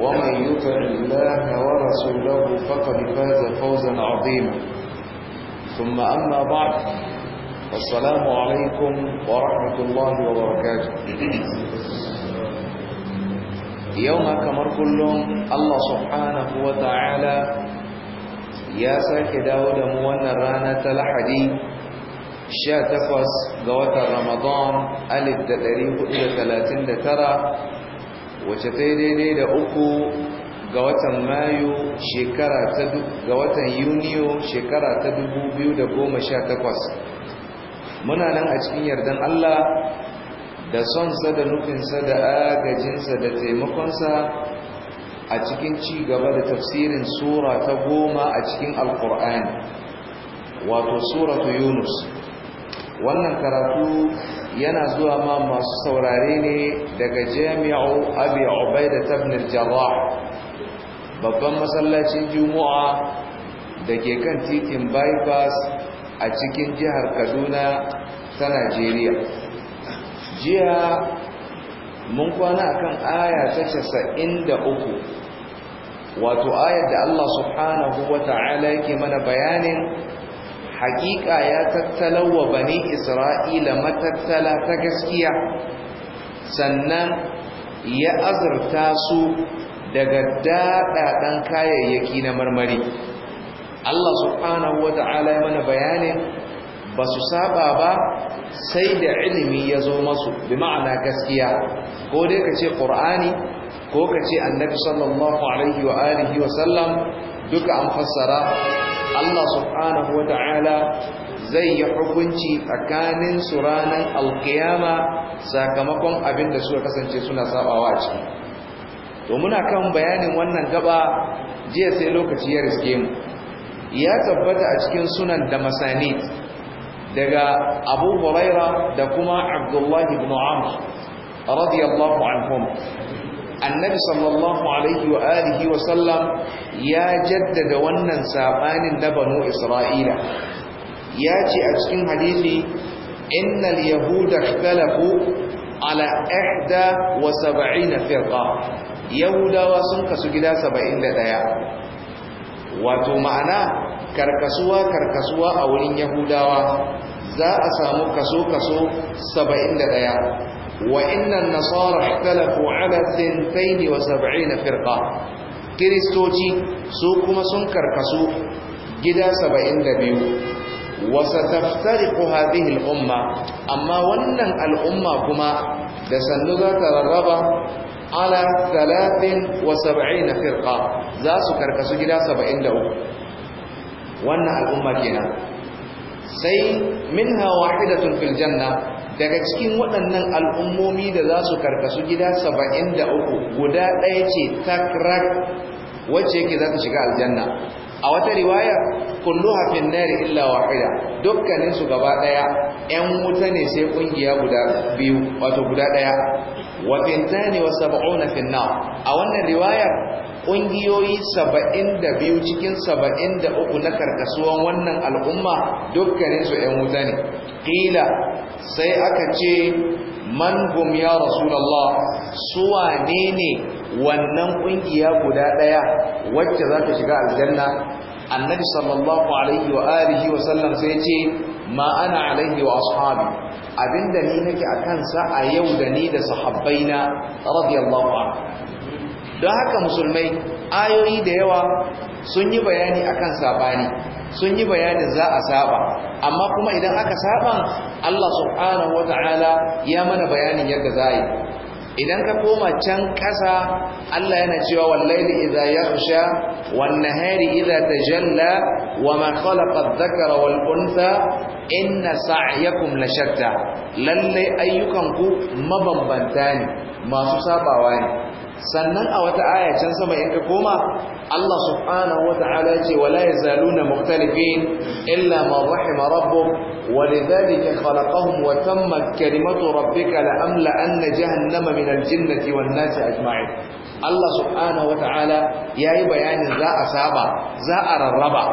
ومن يطع الله ورسوله فقد فاز فوزا عظيما ثم أما بعد السلام عليكم ورحمة الله وبركاته يوم كمر كلهم الله سبحانه وتعالى يا ساكي داود موانا رانا تلحدي sha takwas ga رمضان الف تتريب da ɗari Wace ta yi daidai da uku ga watan mayu shekara ta ga watan yuniyo shekara ta 2018 muna nan a cikin yardan Allah da son sa da nufinsa da agajinsa da taimakonsa a cikin ci gaba da tafsirin sura ta goma a cikin alkur'ani wato suratu yunus wannan karatu yana zuwa ma masu saurare ne daga jami'u abi ubaida ibn jarrah babban masallacin juma'a da ke kan titin bypass a cikin jihar kaduna ta najeriya jiya mun kwana akan aya ta casa'in da uku wato ayar da allah subhanahu wa ta'ala yake mana bayanin haƙiƙa ya tattalawa bani isra'ila matattala ta gaskiya sannan ya azurta su daga daɗaɗen kayayyaki na marmari Allah subhanahu wa ta'ala ya mana bayanin ba su saba ba sai da ilimi ya zo masu bi ma'ana gaskiya ko dai ka ce ƙur'ani ko ka ce annabi sallallahu alaihi wa alihi wa sallam duka an fassara Allah subhanahu wa ta'ala zai yi hukunci tsakanin su ranar alkiyama sakamakon abin da suka kasance suna sabawa a ciki to muna kan bayanin wannan gaba jiya sai lokaci ya riske mu ya tabbata a cikin sunan da masanid daga abu huraira da kuma abdullahi ibn amr radiyallahu anhum annabi sallallahu alaihi wa alihi wa sallam ya jaddada wannan sabanin na banu isra'ila ya ce a cikin hadisi innal yahuda ikhtalafu ala ihda wa firqa yahudawa sun kasu gida 71 wato ma'ana karkasuwa karkasuwa a wurin yahudawa za a samu kaso kaso 71 وَإِنَّ النَّصَارَ اِحْتَلَفُ عَلَى ثِنْتَيْنِ وَسَبْعِينَ فِرْقَةَ Kiristoci su kuma sun karkasu gida 72 وَسَتَفْتَرِقُ هَذِهِ الْأُمَّةِ Amma wannan al’umma kuma da sannu za ta rarraba ala 73 firƙa za su karkasu gida 73 wannan al’umma kenan sai min hawa hidatun filjanna daga cikin waɗannan al'ummomi da za su karkasu gida saba'in da uku guda ɗaya ce takrak wacce yake za ta shiga aljanna a wata riwaya kullu hafin nari illa wahida dukkaninsu gaba ɗaya ‘yan wuta ne sai ƙungiya guda biyu wato guda ɗaya wa fintani wa sab'una fi an a wannan riwayar kungiyoyi 72 cikin 73 na karkasuwan wannan al'umma dukkanin su ƴan wuta ne qila sai aka ce man hum ya rasulullah su wanene ne wannan kungiya guda ɗaya wacce za ta shiga aljanna annabi sallallahu alaihi wa alihi wa sallam sai ce ma ana alaihi wa ashabi abinda ni nake a kansa a yau da ni da sahabbaina radiyallahu anhu don haka musulmai ayoyi da yawa sun yi bayani akan sabani sun yi bayanin za a saba amma kuma idan aka saban Allah subhanahu wata'ala ya mana bayanin yadda za yi idan ka koma can ƙasa Allah yana cewa wallaili idza yaghsha wan nahari idza tajalla wama khalaqa adh-dhakara wal untha inna sa'yakum lashatta lalle ayyukanku mabambanta ne masu sabawa ne sannan a wata aya can sama in ka koma Allah subhanahu wata'ala ce wala yazaluna mukhtalifin illa man rahima rabbuk walidhalika khalaqahum wa tammat kalimatu rabbika la amla anna jahannama min aljinnati wan nasi ajma'in Allah subhanahu wata'ala yayi bayanin za a saba za a rarraba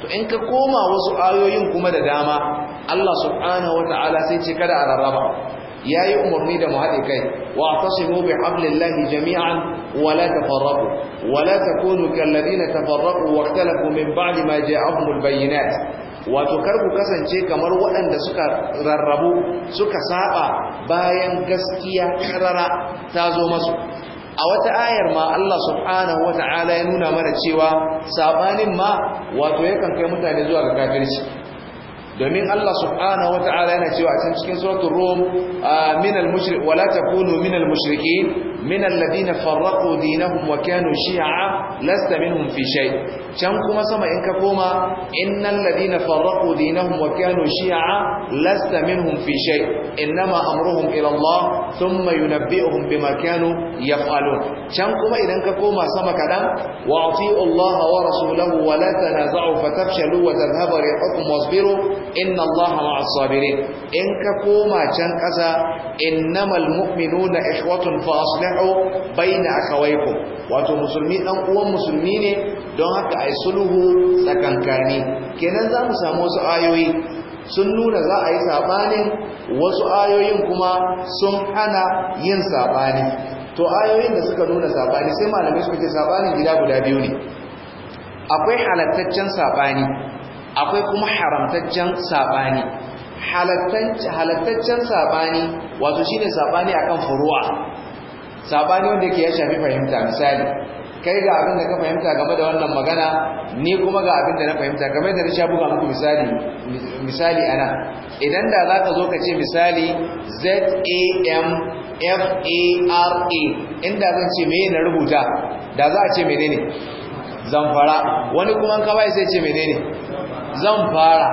to in ka koma wasu ayoyin kuma da dama Allah subhanahu wata'ala sai ce kada a rarraba ya yi umarni da mu kai wa tasimu bi hablillahi jami'an wala la tafarraqu wa la takunu kal ladina tafarraqu wa ikhtalafu min ba'di ma ja'ahumul bayyinat wato kar ku kasance kamar waɗanda suka rarrabu suka saba bayan gaskiya karara ta zo masu a wata ayar ma Allah subhanahu wata'ala ya nuna mana cewa sabanin ma wato yakan kai mutane zuwa ga kafirci domin Allah subhanahu wata'ala yana cewa a cikin suratul rum ah, min al-mushrik wala takunu min al من الذين فرقوا دينهم وكانوا شيعا لست منهم في شيء كان كما سما ان كما ان الذين فرقوا دينهم وكانوا شيعا لست منهم في شيء انما امرهم الى الله ثم ينبئهم بما كانوا يفعلون كان كما اذا كما سما كلام واطيعوا الله ورسوله ولا تنازعوا فتفشلوا وتذهب ريحكم واصبروا ان الله مع الصابرين ان كما كان كذا انما المؤمنون اخوه فاصلحوا tanaza'u baina akhawaykum wato musulmi dan uwan musulmi ne don haka ai sulhu tsakankani kenan za mu samu wasu ayoyi sun nuna za a yi sabanin wasu ayoyin kuma sun hana yin sabani to ayoyin da suka nuna sabani sai malamai suka ce sabanin gida guda biyu ne akwai halattaccen sabani akwai kuma haramtaccen sabani halattaccen sabani wato shine sabani akan furu'a sabani wanda ke ya shafi fahimta misali kai ga abin da ka fahimta game da wannan magana ni kuma ga abin da na fahimta game da na sha buga muku misali misali ana idan da za ka zo ka ce misali z a m f a r a inda zan ce meye na rubuta da za a ce menene zamfara wani kuma an bai sai ce menene zamfara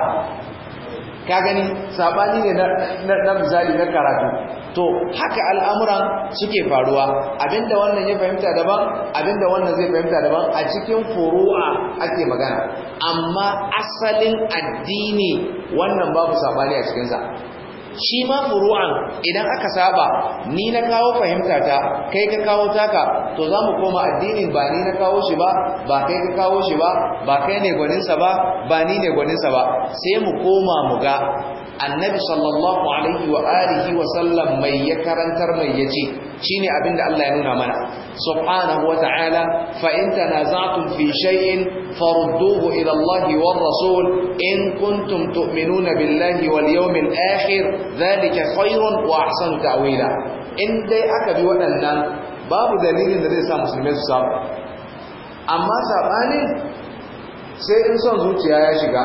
ka gani sabani ne na misali na karatu to haka al'amuran suke faruwa abinda wannan ya fahimta daban abinda wannan zai fahimta daban a cikin furu'a ake magana amma asalin addini wannan babu sabani a cikinsa shi ma furu'an idan aka saba ni na kawo fahimta ta kai ka kawo taka to za mu koma addinin ba ni na kawo shi ba ba kai ka kawo shi ba ba kai ne gwaninsa ba ba ni ne gwaninsa ba sai mu koma mu ga annabi sallallahu alaihi wa alihi wa sallam mai ya karantar mai yace shine abinda Allah ya nuna mana subhanahu wa ta'ala fa in tanaza'tum fi shay'in farudduhu ila Allah rasul in kuntum tu'minuna billahi wal yawmil akhir dhalika khairun wa ahsanu ta'wila in dai aka bi waɗannan babu dalilin da zai sa musulmai su samu amma sabanin sai in son zuciya ya shiga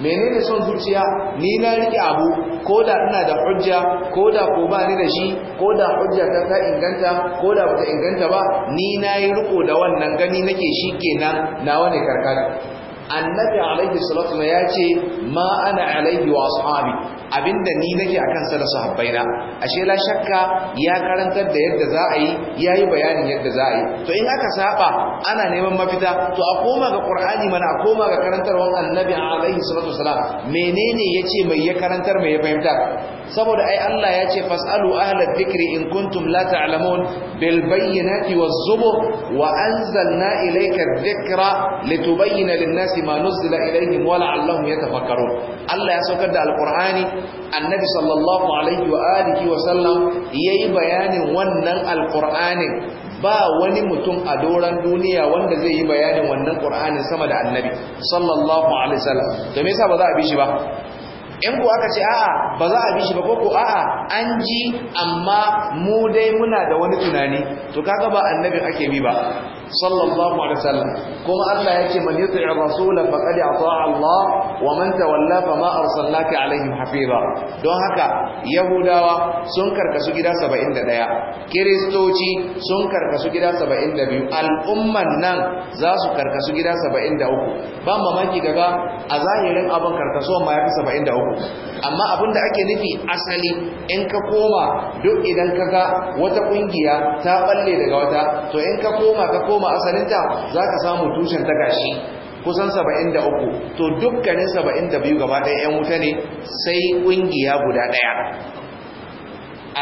menene son zuciya ni na rike abu ko da ina da hujja ko da ko ba ni da shi ko da hujja ta ta inganta ko da bata inganta ba ni na yi riko da wannan gani nake shi kenan nawa ne karkata annabi alaihi salatu ya ce ma ana alaihi wa ashabi abinda ni nake akan sa da sahabbaina ashe la shakka ya karantar da yadda za a yi yayi bayanin yadda za a yi to in aka saba ana neman mafita to a koma ga qur'ani mana a koma ga karantarwar annabi alaihi salatu wasalam menene yace mai ya karantar mai ya fahimtar. saboda ai Allah ya ce fasalu ahla dhikri in kuntum la ta'lamun bil bayyinati waz zubur wa anzalna ilayka dhikra litubayyana lin-nasi ma nuzila ilayhim wa la'allahum yatafakkarun Allah ya saukar da alqur'ani annabi sallallahu alaihi wa alihi wa sallam yayi bayanin wannan alqur'anin ba wani mutum a doran duniya wanda zai yi bayanin wannan qur'anin sama da annabi sallallahu alaihi wasallam to me yasa ba za a bi shi ba in ku aka ce a'a ba za a bi shi ba ko ko a'a an ji amma mu dai muna da wani tunani to kaga ba annabin ake bi ba sallallahu alaihi wasallam kuma Allah yake man yuti'i rasul faqad ata'a Allah wa man tawalla fama arsalnaka alaihim hafiza don haka yahudawa sun karkasu gida 71 kristoci sun karkasu gida 72 al'umman nan za su karkasu gida 73 ba mamaki gaba a zahirin abin karkaso ma yafi 73 amma abinda ake nufi asali in ka koma duk idan kaga wata kungiya ta balle daga wata to in ka koma ka koma koma asalinta za ka samu tushen ta gashi kusan 73 to dukkanin 72 gaba ɗaya 'yan wuta ne sai ƙungiya guda ɗaya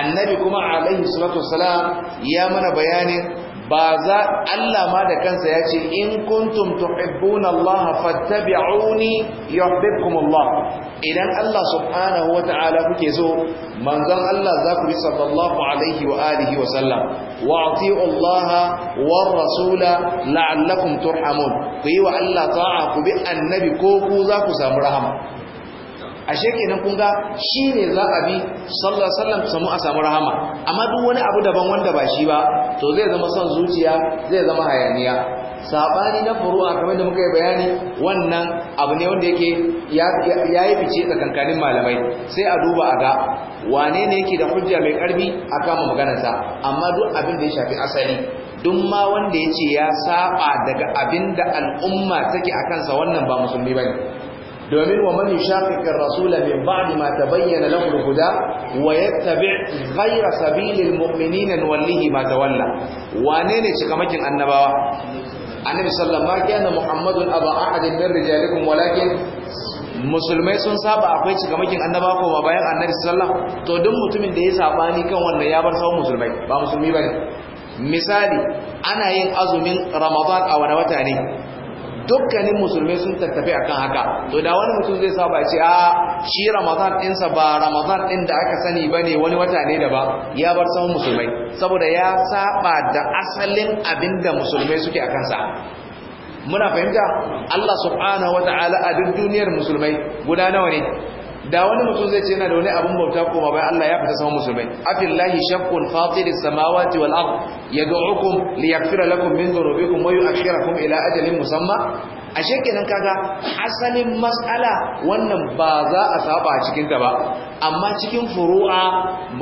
annabi kuma alaihi salatu wasalam ya mana bayanin ba za Allah ma da kansa ya ce in kuntum tuhibbuna Allah fattabi'uni yuhibbukum Allah idan Allah subhanahu wata'ala kuke so manzon Allah za ku bi sallallahu alaihi wa alihi wa sallam wa ati'u Allah war rasula la'allakum turhamun ku yi wa Allah ta'a ku bi annabi ko ku za ku samu rahama ashe kenan kun ga shine za a bi sallallahu alaihi wasallam samu a samu rahama amma duk wani abu daban wanda ba shi ba to zai zama son zuciya zai zama hayaniya sabani na furu'a kamar da muka yi bayani wannan abu ne wanda yake ya fice tsakankanin malamai sai a duba a ga wane ne yake da hujja mai karfi a kama sa amma duk abin da ya shafi asali duk ma wanda ya ce ya saba daga abinda da al'umma take a kansa wannan ba musulmi bane domin wa man yushaqiqir rasula min ba'di ma ta tabayyana lahu al-huda wa yattabi' ghayra sabilil mu'minina wallahi ma tawalla wane ne cikamakin annabawa annabi sallallahu alaihi wasallam muhammadun aba ahadin min rijalikum walakin musulmai sun saba akwai cikamakin annabawa ko bayan annabi sallallahu to duk mutumin da ya sabani kan wannan ya bar sawun musulmai ba musulmi bane misali ana yin azumin ramadan a wani wata ne dukkanin musulmai sun tattafi akan haka to da wani mutum zai saba ce a shi ramadan ɗinsa ba ramadan ɗin da aka sani ba ne wani wata ne da ba ya bar saman musulmai saboda ya saba da asalin abin da musulmai suke a kansa muna fahimta Allah subhanahu wata'ala a duk duniyar musulmai guda nawa ne da wani mutum zai ce yana da wani abin bauta koma bayan Allah ya fita sama musulmai afillahi shaqqun fatiris samawati wal ard yad'ukum liyaghfira lakum min dhunubikum wa yu'akhirakum ila ajalin musamma ashe kenan kaga asalin mas'ala wannan ba za a saba cikin ta ba amma cikin furu'a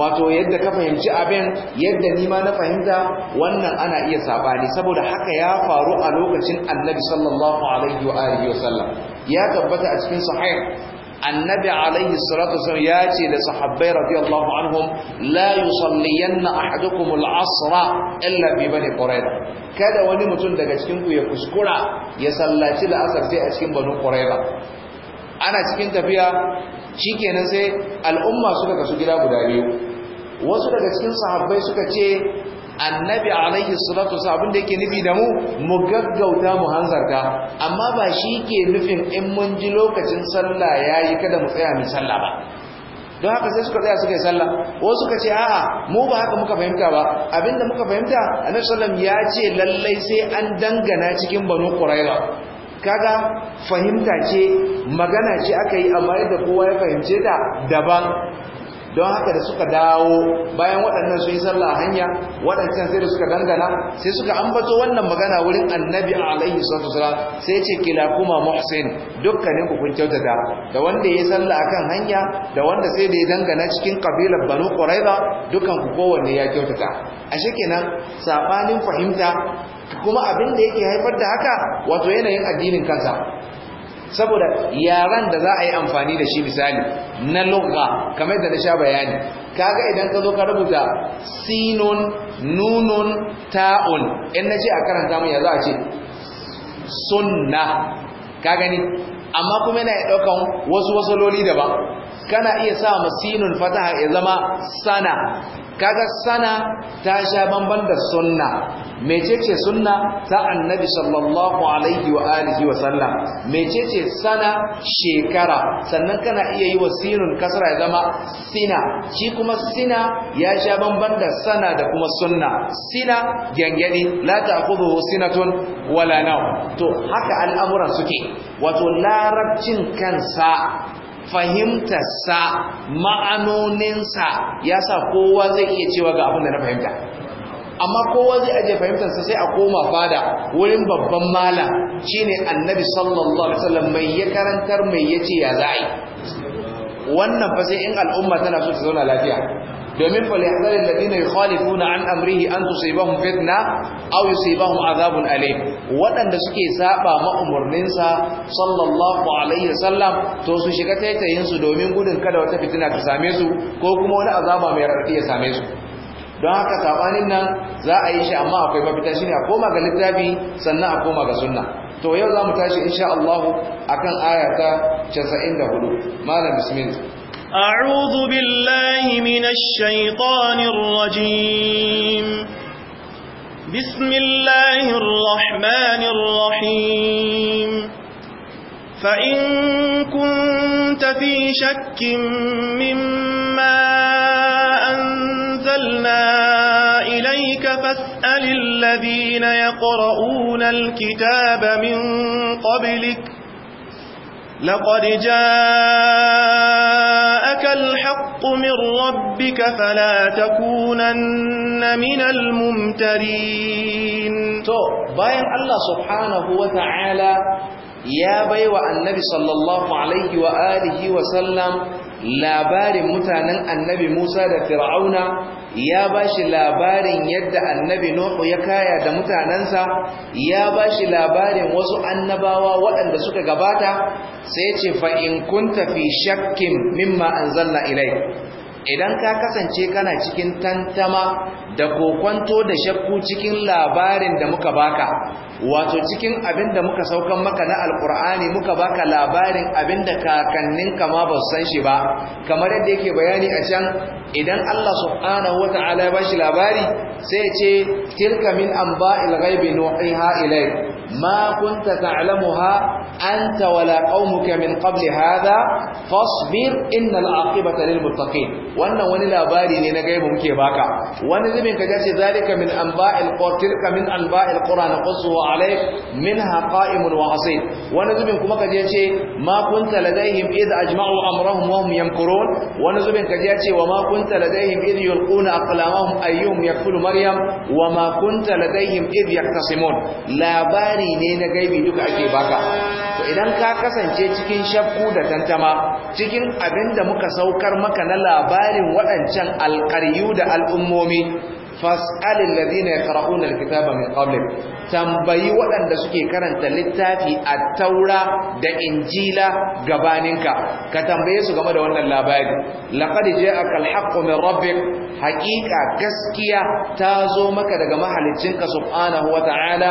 wato yadda ka fahimci abin yadda ni ma na fahimta wannan ana iya sabani saboda haka ya faru a lokacin Annabi sallallahu alaihi wa alihi wa sallam ya tabbata a cikin sahih annabi alaihi salatu wasallam ya ce da sahabbai radiyallahu anhum la yusalliyanna ahadukum al-asra illa bi bani quraiba kada wani mutum daga cikin ku ya kuskura ya sallaci la'asar sai a cikin bani quraiba ana cikin tafiya shikenan sai al'umma suka kasu gida guda biyu wasu daga cikin sahabbai suka ce annabi alaihi salatu wasallam abin da yake nufi da mu mu gaggauta mu hanzarta amma ba shi ke nufin in mun ji lokacin sallah yi kada mu tsaya mai sallah ba don haka sai suka tsaya suka yi sallah wasu suka ce a'a mu ba haka muka fahimta ba abinda muka fahimta annabi sallam ya ce lallai sai an dangana cikin banu quraiba kaga fahimta ce magana ce aka yi amma yadda kowa ya fahimce ta daban don haka da suka dawo bayan waɗannan sun yi sallah hanya waɗancan sai da suka dangana sai suka ambato wannan magana wurin annabi alaihi salatu wasalam sai ce kila kuma muhsin dukkanin ku kun kyautata da wanda ya yi sallah akan hanya da wanda sai da ya dangana cikin kabilar banu quraiza dukkan ku kowanne ya kyautata ashe kenan sabanin fahimta kuma abin da yake haifar da haka wato yanayin addinin kansa saboda yaran da za a yi amfani da shi misali na lugha kamar da na sha bayani kaga idan ka zo ka rubuta sinun nunun ta'un in na ce a karanta mu ya za a ce sunna ka gani amma kuma yana ɗaukan wasu wasaloli daban kana iya sa masinun fataha ya zama sana kaga sana ta sha bamban da sunna mecece sunna ta annabi sallallahu alaihi wa alihi wa sallam mecece sana shekara sannan kana iya yi wa sinun kasra ya zama sina shi kuma sina ya sha bamban da sana da kuma sunna sina gengeni la ta'khudhuhu sinatun wala naw to haka al'amuran suke wato larabcin kansa fahimtarsa ma'anoninsa ya sa kowa zai iya cewa ga abin da na fahimta amma kowa zai aje fahimtarsa sai a koma fada wurin babban malam shine annabi sallallahu alaihi wasallam mai ya karantar mai yace ya za'i wannan fa sai in al'umma tana so ta zauna lafiya domin falihzarin ladina yukhalifuna an amrihi an tusibahum fitna aw yusibahum azabun alim waɗanda suke saba ma'umurninsa sallallahu alaihi wasallam to su shiga taitayin su domin gudun kada wata fitina ta same su ko kuma wani azaba mai raɗaɗi ya same su don haka sabanin nan za a yi shi amma akwai mafita shine a koma ga littafi sannan a koma ga sunna to yau za mu tashi insha Allah akan aya ta 94 malam bismillah أعوذ بالله من الشيطان الرجيم بسم الله الرحمن الرحيم فإن كنت في شك مما أنزلنا إليك فاسأل الذين يقرؤون الكتاب من قبلك لقد جاء الحق من ربك فلا تكونن من الممترين تو باين الله سبحانه وتعالى ya bai wa annabi sallallahu alaihi wa wa sallam labarin mutanen annabi Musa da Fir'auna ya ba shi labarin yadda annabi Nuhu ya kaya da mutanansa ya ba shi labarin wasu annabawa waɗanda suka gabata sai ce fa in tafi tafi shakkin mimma anzalna ilai idan ka kasance kana cikin tantama da kokwanto da shakku cikin labarin da muka baka wato cikin abin da muka saukan maka na alkur'ani muka baka labarin abin da kakannin kama ba san shi ba kamar yadda yake bayani a can idan Allah subhanahu wata'ala ya bashi labari sai ya ce tilka min anba'il ghaibi nuhiha ilayk ما كنت تعلمها أنت ولا قومك من قبل هذا فاصبر إن العاقبة للمتقين وأن وني لاباري لنقيب مكيباك ونزمين كجاس ذلك من أنباء القرى تلك من أنباء القرى نقصه عليك منها قائم وحصيد ونزمين كما كجاس ما كنت لديهم إذ أجمعوا أمرهم وهم يمكرون ونزمين كجاس وما كنت لديهم إذ يلقون أقلامهم أيهم يكفل مريم وما كنت لديهم إذ يختصمون لاباري labari ne na gaibi duka ake baka to idan ka kasance cikin shakku da tantama cikin abin da muka saukar maka na labarin waɗancan alƙaryu da al'ummomi fas'alil ladina yaqra'una alkitaba min qablik tambayi waɗanda suke karanta littafi a taura da injila gabaninka ka tambaye su game da wannan labari laqad ja'aka alhaqqu min rabbik haqiqa gaskiya ta zo maka daga mahaliccinka subhanahu wata'ala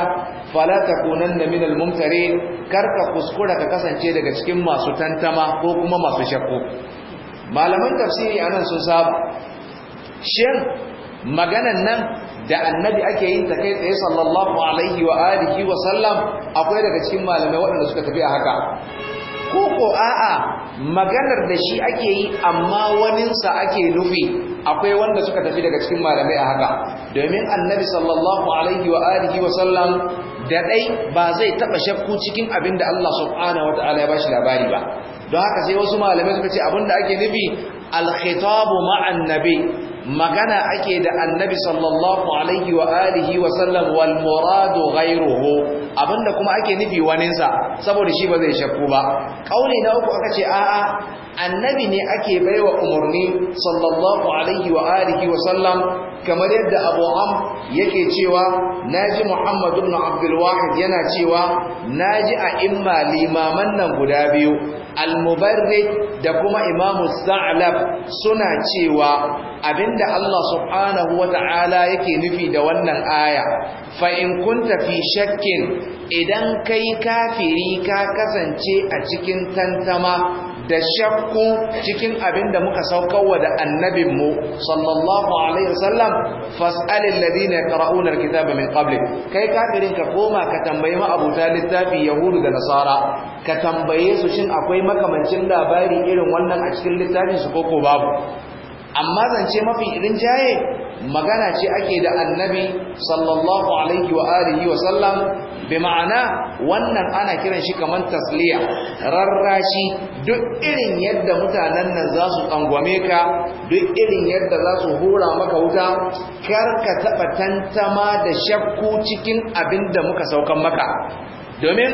fala takunanna minal mumtarin karka kuskura ka kasance daga cikin masu tantama ko kuma masu shakku malaman tafsiri anan sun saba shin maganan nan da annabi ake yin ta kai tsaye sallallahu alaihi wa alihi wa sallam akwai daga cikin malamai waɗanda suka tafi a haka ko ko a'a maganar da shi ake yi amma waninsa ake nufi akwai wanda suka tafi daga cikin malamai a haka domin annabi sallallahu alaihi wa alihi wa sallam da ɗai ba zai taba shakku cikin abinda Allah subhanahu wataala ya bashi labari ba don haka sai wasu malamai suka ce abin da ake nufi al-khitabu ma'an nabi magana ake da annabi sallallahu alaihi wa alihi wa sallam wal muradu ghayruhu abinda kuma ake nufi waninsa saboda shi ba zai shakku ba kauli na uku aka ce a'a annabi ne ake baiwa umarni sallallahu alaihi wa alihi wa sallam kamar yadda abu am yake cewa naji muhammad Muhammadu na yana cewa na ji a imma limaman nan guda biyu almubarri da kuma imamu sa'alab suna cewa abinda Allah subhanahu ta'ala yake nufi da wannan aya fain kun tafi shakkin idan kai kafiri ka kasance a cikin tantama da shakku cikin abin da muka wa da annabinmu sallallahu alaihi wasallam fas'alil ladina yaqra'una alkitaba min qablik kai kafirin ka koma ka tambayi ma littafi yahudu da nasara ka tambaye su shin akwai makamancin labari irin wannan a cikin littafin su koko babu amma zance mafi rinjaye magana ce ake da annabi sallallahu alaihi wa alihi wa sallam bi ma'ana wannan ana kiran shi kaman tasliya rarrashi duk irin yadda mutanen nan za su kangwame ka duk irin yadda za su hura maka wuta kar ka taba tantama da shakku cikin abin da muka saukan maka domin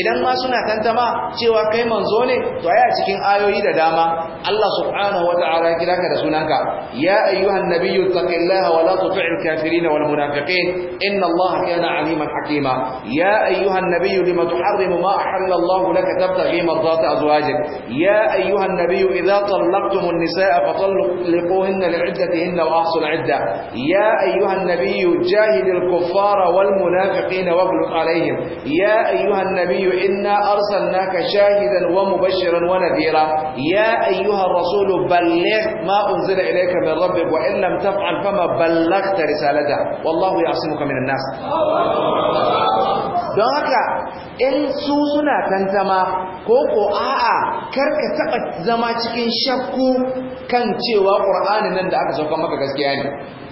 idan ma suna tantama cewa kai manzo ne to ai a cikin ayoyi da dama Allah subhanahu wata'ala kira ka da sunanka ya ayyuhan nabiyyu taqillaha wa la tuti'il kafirin wal munafiqin inna Allah kana aliman hakima ya ayyuhan nabiyyu lima tuharrimu ma ahalla Allah laka tabtaghi mardata azwajik ya ayyuhan nabiyyu idza tallaqtumun nisaa fatalliquhunna li'iddatihinna wa ahsul 'idda ya ayyuhan nabiyyu jahidil kuffara wal munafiqin waghlub alaihim ya يا أيها النبي إنا أرسلناك شاهدا ومبشرا ونذيرا يا أيها الرسول بلغ ما أنزل إليك من ربك وإن لم تفعل فما بلغت رسالته والله يعصمك من الناس don haka in su suna tantama ko ko a'a ka taɓa zama cikin shakku kan cewa qur'anin nan da aka sauka maka gaskiya ne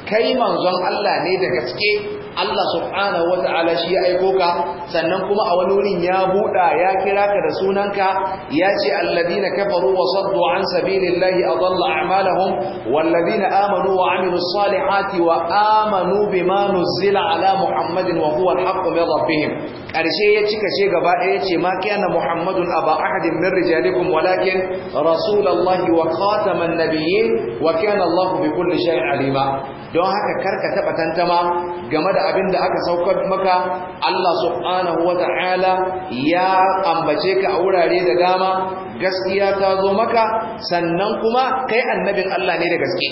kai manzon Allah ne da gaske Allah subhanahu wata'ala shi ya aiko ka sannan kuma a wani wurin ya buɗa ya kira ka da sunanka ya ce alladina kafaru wa saddu an sabilillahi adalla a'malahum walladina amanu wa amilus salihati wa amanu bima nuzila ala muhammadin wa huwa alhaqqu min rabbihim karshe ya cika ce gaba ɗaya ce ma kana muhammadun aba ahadin min rijalikum walakin rasulullahi wa khataman nabiyyin wa kana allah bi kulli shay'in alima don haka karka taba tantama game da abin da aka saukar maka Allah subhanahu wa ta'ala ya ambace ka a wurare da dama gaskiya ta zo maka sannan kuma kai annabin Allah ne da gaske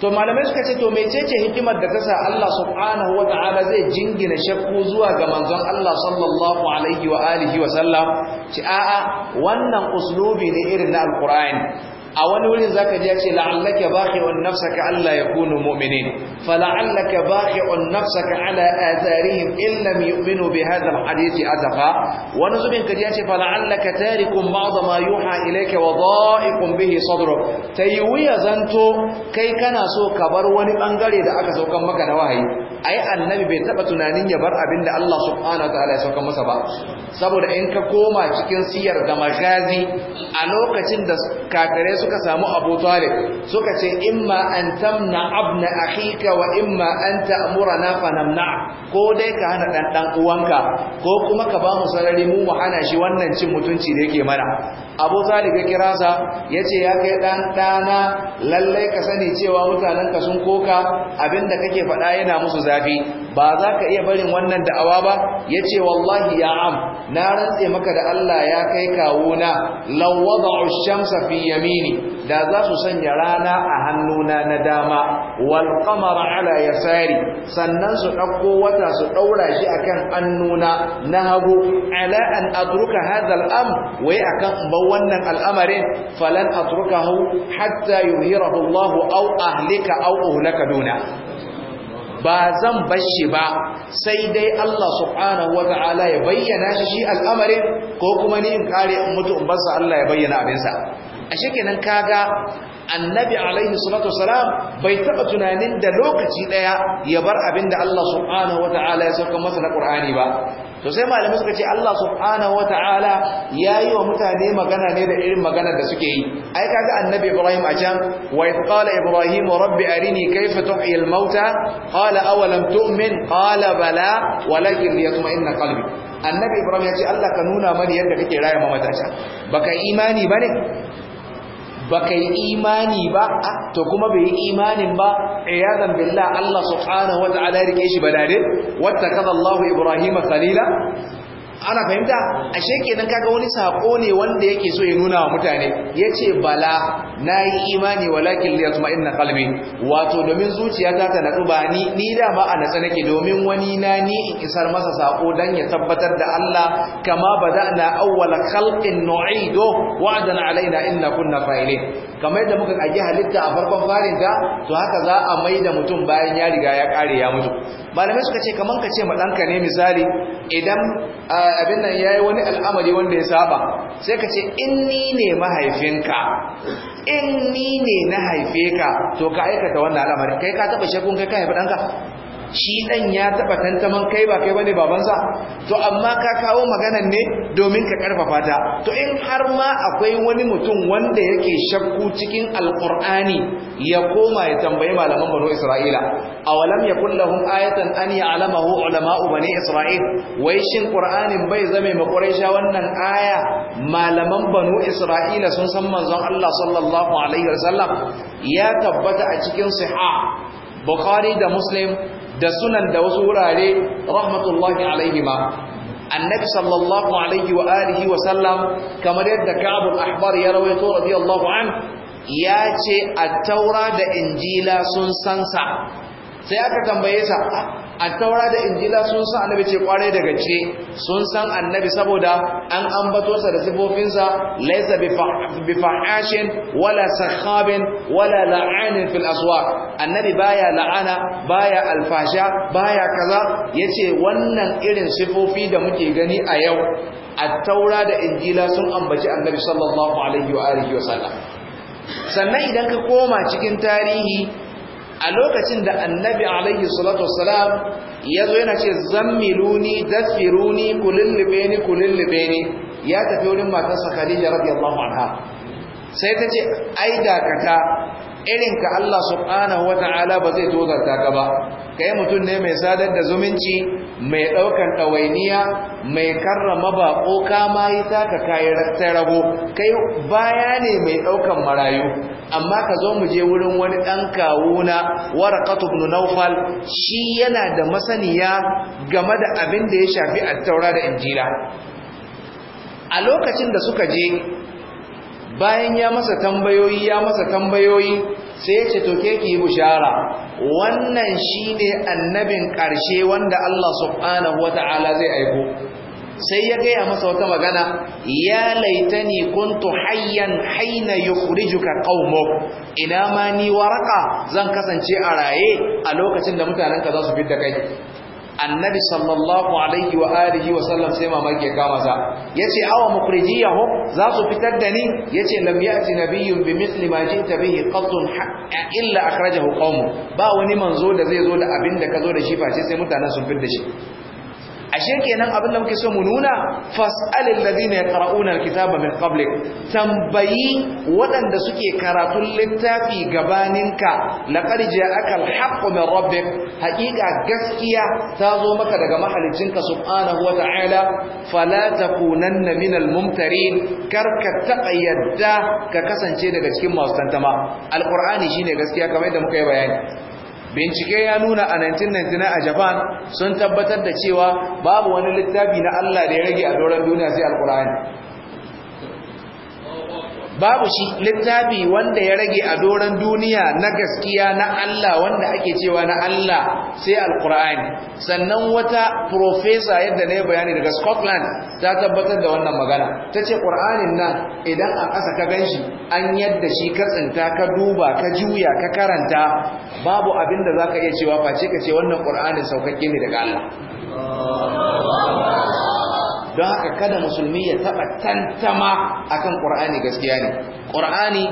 to malamai suka ce to mecece hikimar da ta sa Allah subhanahu wa ta'ala zai jingina shakku zuwa ga manzon Allah sallallahu alaihi wa alihi wa sallam ci a'a wannan uslubi ne irin na alqur'ani a wani wurin zaka ji ya ce la'allaka baqi'un nafsaka alla yakunu mu'minin fala'allaka baqi'un nafsaka ala atharihim in yu'minu bi alhadith azafa wani zubin kaji ya ce fala'allaka tarikum ba'd ma yuha ilayka wa da'iqun bihi sadruk tayi wuya zanto kai kana so ka bar wani bangare da aka saukan maka da wahayi ai annabi bai taba tunanin ya bar abinda Allah subhanahu wataala ya sauka masa ba saboda in ka koma cikin siyar da magazi a lokacin da kafirai suka samu Abu Talib suka ce imma an tamna abna akhika wa imma an ta'murana fa namna ko dai ka hana dan dan uwanka ko kuma ka ba mu sarari mu mu hana shi wannan cin mutunci da yake mana Abu Talib ya kira sa yace ya kai dan dana lalle ka sani cewa mutanen ka sun koka abinda kake faɗa yana musu zai safi ba za ka iya barin wannan da'awa ba ya ce wallahi ya am na rantse maka da Allah ya kai kawuna lawwada ushamsa fi yamini da za su sanya rana a hannuna na dama wal qamara ala yasari sannan su dauko wata su daura shi akan annuna na hagu ala an atruka hadha al am wai akan ba wannan al'amarin falan atrukahu hatta yuhirahu Allah aw ahlika aw uhlaka duna ba zan bashi ba sai dai Allah subhanahu wata'ala ya bayyana shi al'amarin ko kuma ni in kare in mutu in barsa Allah ya bayyana abinsa ashe kenan kaga annabi alaihi salatu wasalam bai taba tunanin da lokaci daya ya bar abinda da Allah subhanahu wataala ya sauka masa na Qur'ani ba to sai malamai suka ce Allah subhanahu wataala yayi wa mutane magana ne da irin magana da suke yi ai kaga annabi Ibrahim a can wa id qala ibrahim rabbi arini kayfa tuhyil mauta qala awalam tu'min qala bala walakin liyatma'inna qalbi annabi Ibrahim ya ce Allah ka nuna mani yadda kake raya mamata baka imani bane baka yi imani ba to kuma bai yi imanin ba iyadan billah Allah subhanahu wa ta'ala rike shi balade wattakaza Allahu Ibrahim khalila ana fahimta ashe kenan kaga wani sako ne wanda yake so ya nuna wa mutane yace bala nayi imani walakin liyatma'inna kalmi wato domin zuciya ta natsu ba ni ni dama a natsa nake domin wani na ni in isar masa sako dan ya tabbatar da Allah kama bada'na awwala khalqin nu'idu wa'dan alaina inna kunna fa'ilin kamar yadda muka kage halitta a farkon farinta to haka za a mai da mutum bayan ya riga ya kare ya mutu malamai suka ce kaman ka ce ma danka ne misali idan ah, abin nan yi wani al'amari wanda ya saba sai ka ce in ni ne mahaifinka in ni ne na haife ka to ka aikata wannan al'amari kai ka taba shakun kai ka haifi danka shi ɗan ya taɓa tantaman kai ba kai bane babansa to amma ka kawo maganan ne domin ka ƙarfafa ta to in har ma akwai wani mutum wanda yake shakku cikin alƙur'ani ya koma ya tambayi malaman banu isra'ila awalam yakul lahum ayatan an ya'lamahu ulama'u bani isra'il wai shin qur'anin bai zame ma quraisha wannan aya malaman banu isra'ila sun san manzon Allah sallallahu alaihi wasallam ya tabbata a cikin sahih bukhari da muslim da sunan da wasu wurare rahmatullahi alaihima annabi sallallahu alaihi wa alihi wa sallam kamar yadda ka'abul ahbar ya rawaito radiyallahu an ya ce a taura da injila sun sansa sai aka tambaye sa attaura da injila sun san annabi ce kwarai daga gace sun san annabi saboda an ambato sa da sifofinsa laysa bi fahashin wala sakhabin wala la'anin fil aswaq annabi baya la'ana baya alfasha baya kaza yace wannan irin sifofi da muke gani a yau attaura da injila sun ambaci annabi sallallahu alaihi wa alihi wa sallam sannan idan ka koma cikin tarihi a lokacin da annabi alaihi salatu wassalam ya zo yana ce zammiluni dasfiruni kulillibe ni ni ya tafi wurin matarsa khadija radiyallahu anha sai ta ce ai dakata irinka Allah subhanahu wata'ala ba zai tozarta ka ba kai mutum ne mai sadar da zumunci mai daukan ɗawainiya mai karrama baƙo kama yi taka kayan rabo kai baya ne mai daukan marayu amma ka zo mu je wurin wani dan kawuna warqatu ibn nawfal shi yana da masaniya game da abin da ya shafi at-taura da injila a lokacin da suka je bayan ya masa tambayoyi ya masa tambayoyi sai ya ce to ke ki bushara wannan shine annabin ƙarshe wanda Allah subhanahu wata'ala zai aiko sai ya gaya masa wata magana ya laitani kuntu hayyan haina yukhrijuka qaumuk ina ma ni waraka zan kasance a raye a lokacin da mutanenka za su da kai annabi sallallahu alaihi wa alihi wa sallam sai mamaki ya kama sa yace awa mukhrijiyahu za su fitar da ni yace lam ya'ti nabiyyun bi mithli ma ji'ta bihi qattun illa akhrajahu qaumu ba wani manzo da zai zo da abin da ka zo da shi face sai mutanen sun fitar da shi ashe kenan abin da muke so mu nuna fas'alil ladina yaqra'una alkitaba min qablik tambayi waɗanda suke karatun littafi gabaninka laqad ja'aka alhaqqu min rabbik haqiqa gaskiya ta zo maka daga mahaliccinka subhanahu wa ta'ala fala takunanna min almumtarin karka taqayyada ka kasance daga cikin masu tantama alqur'ani shine gaskiya kamar yadda muka yi bayani bincike ya nuna a 1999 a japan sun tabbatar da cewa babu wani littafi na allah da ya rage a doron duniya sai alkur'ani babu shi littafi wanda ya rage a doron duniya na gaskiya na Allah wanda ake cewa na Allah sai alkur'ani sannan wata profesa yadda na yi bayani daga scotland ta tabbatar da wannan magana ta ce ƙur'anin nan idan a ƙasa ka gan shi an yadda shi ka tsinta ka duba ka juya ka karanta babu abin da za ka iya cewa face ka ce wannan ƙur'anin saukakke ne daga Allah don haka kada musulmi ya taɓa tantama akan ƙur'ani gaskiya ne ƙur'ani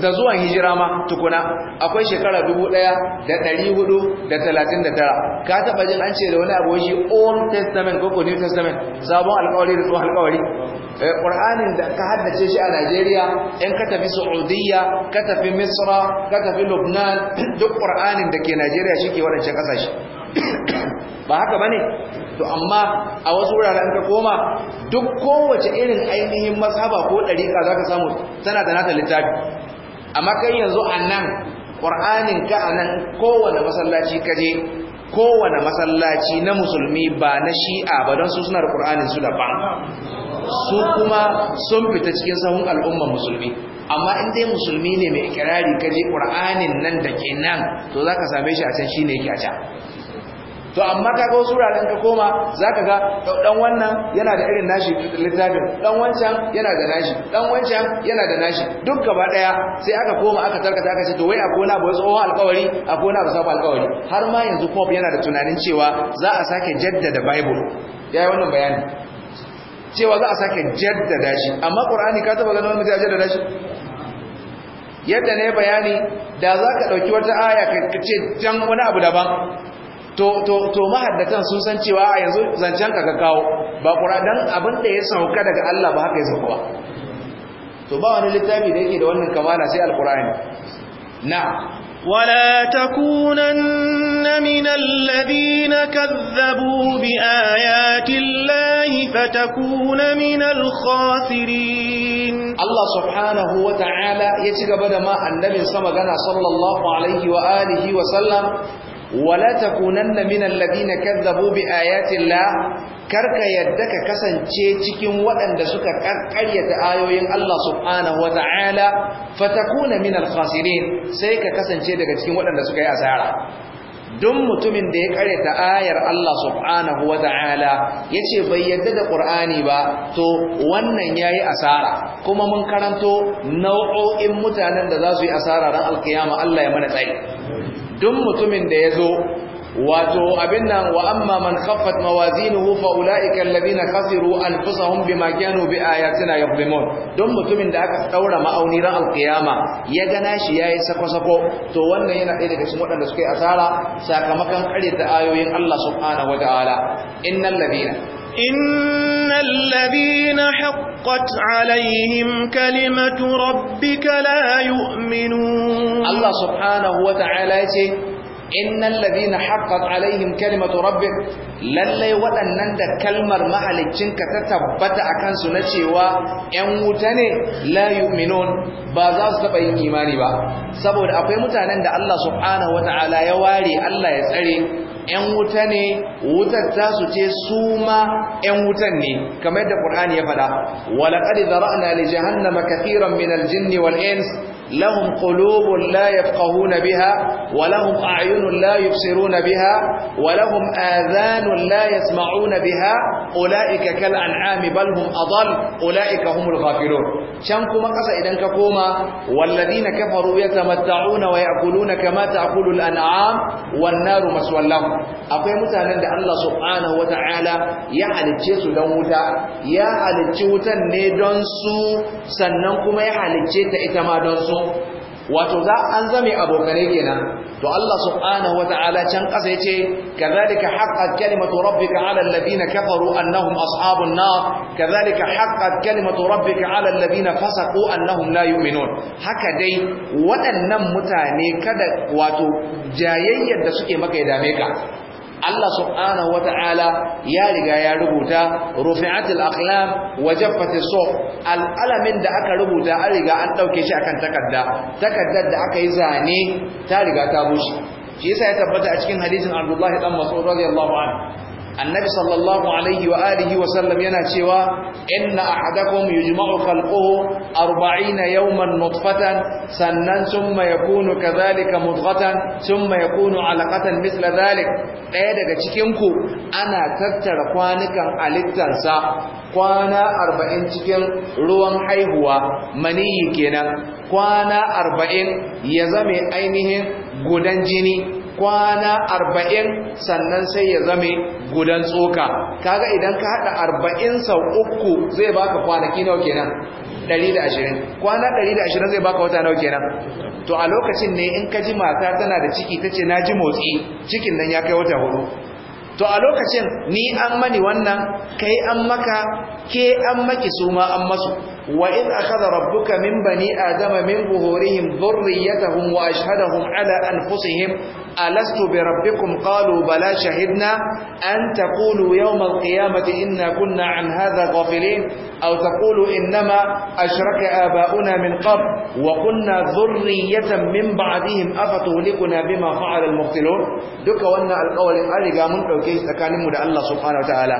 da zuwan hijira ma tukuna akwai shekara 1439 ka taba jin an ce da wani abu shi old testament ko new testament sabon alkawari da tsohon alkawari Ƙur'ani eh, da ka haddace shi a Najeriya in ka tafi Saudiya ka tafi Misra ka tafi Lubnan duk ƙur'anin da ke Najeriya shi ke waɗancan ƙasashe ba haka bane to amma a wasu wuraren ka koma duk kowace irin ainihin mazhaba ko za zaka samu tana da nata littafi amma kai yanzu anan qur'anin ka anan kowane masallaci kaje kowane masallaci na musulmi ba na shi'a ba don su suna da su daban su kuma sun fita cikin sahun al'ummar musulmi amma in dai musulmi ne mai ikirari kaje ƙur'anin nan da ke nan to za ka same shi a can shi ne yake a can to amma kaga wasu wuraren ka koma zaka ga dan wannan yana da irin nashi littafin dan wancan yana da nashi dan wancan yana da nashi duk gaba daya sai aka koma aka tarkata aka ce to wai akwai na ba tsohon alƙawari akwai na ba sabon alƙawari har ma yanzu Pope yana da tunanin cewa za a sake jaddada Bible yayi wannan bayani cewa za a sake jaddada shi amma Qur'ani ka taba ganin mutum ya jaddada shi yadda ne bayani da za ka ɗauki wata aya ka ce can wani abu daban to mahaddatan sun san cewa a yanzu zancen ka kawo ba kuradan abin da ya sauka daga Allah ba haka ya sauka to ba wani littafi da yake da wannan kamala sai alqur'ani na ولا تكونن من الذين كذبوا بآيات الله فتكون من الخاسرين الله سبحانه وتعالى يتقبل ما النبي صلى الله عليه وآله وسلم wala takunanna minan ladina kazzabu bi ayati llah karka yadda ka kasance cikin waɗanda suka karkaryata ayoyin Allah subhanahu wataala fatakuna minal khasirin sai ka kasance daga cikin waɗanda suka yi asara duk mutumin da ya karyata ayar Allah subhanahu wata'ala yace bai yadda da Qur'ani ba to wannan yayi asara kuma mun karanto nau'o'in mutanen da za su yi asara ran alkiyama Allah ya mana tsari duk mutumin da ya zo wato abin nan wa amma man khaffat mawazinuhu fa ulaika alladhina khasiru anfusahum bima kanu biayatina yadhlimun don mutumin da aka daura ma'auni ran alqiyama ya gana shi yayi sako-sako to wannan yana ɗaya daga cikin waɗanda suka yi asara sakamakon kare da ayoyin Allah subhanahu wataala innal ladina إن الذين حقت عليهم كلمة ربك لا يؤمنون الله سبحانه وتعالى إن الذين حقت عليهم كلمة ربك للي ودنن da kalmar mahaliccinka ta tabbata a kansu na cewa 'yan wuta ne la yu'minun ba za su taba yin imani ba saboda akwai mutanen da Allah subhanahu ya ware Allah ya tsare ‘yan wuta ne wutar tasu ce su ma ‘yan wutan ne kamar yadda ƙur'ani ya faɗa walaƙari zara'ana li jahannama kathiran minal jinni wal ins lahum qulubun la yafqahuna biha wa lahum a'yunun la yubsiruna biha wa lahum adhanun la yasma'una biha ulaika kal an'ami bal hum adall ulaika humul ghafilun can kuma ƙasa idan ka koma walladina kafaru yatamatta'una wa ya'kuluna kama ta'kulu al an'am wan naru maswal akwai mutanen da Allah subhanahu ya halicce su dan wuta ya halicci wutan ne don su sannan kuma ya halicce ta ita ma don su wato za an zame abokanai kenan to Allah subhanahu wataala can kasa yace kadhalika haqqat kalimatu rabbika ala alladhina kafaru annahum ashabun nar kadhalika haqqat kalimatu rabbika ala alladhina fasaqu annahum la yu'minun haka dai waɗannan mutane kada wato jayayyar da suke maka ya dame ka Allah subhanahu wata'ala ya riga ya rubuta rufi'atul aqlam wa jaffatis suhuf alalamin da aka rubuta an riga an dauke shi akan takarda takardar da aka yi zane ta riga ta bushe shi yasa ya tabbata a cikin hadisin Abdullah dan Mas'ud radiyallahu anhu annabi sallallahu alaihi wa alihi wa sallam yana cewa inna ahadakum yujma'u khalquhu 40 yawman nutfatan sannan thumma yakunu kadhalika mudghatan thumma yakunu 'alaqatan misla dhalik daya daga cikin ku ana tattara kwanukan alittansa kwana 40 cikin ruwan haihuwa maniyi kenan kwana 40 ya zame ainihin gudan jini kwana arba'in sannan sai ya zame gudan tsoka kaga idan ka haɗa arba'in sau uku zai baka kwanaki nawa kenan ashirin. kwana da ashirin zai baka wata nawa kenan to a lokacin ne in ka ji mata tana da ciki ta ce na ji motsi cikin nan ya kai wata hudu to a lokacin ni an mani wannan kai an maka ke an maki su ma an masu wa in akhadha rabbuka min bani adama min buhurihim dhurriyyatahum wa ashhadahum ala anfusihim alastu bi rabbikum qalu bala shahidna an taqulu yawm alqiyamati inna kunna an hadha ghafilin aw taqulu inma ashraka abauna min qabl wa kunna dhurriyyatan min ba'dihim afatuhlikuna bima fa'ala almubtilun duka wannan alqawlin an riga mun dauke tsakaninmu da Allah subhanahu wa ta'ala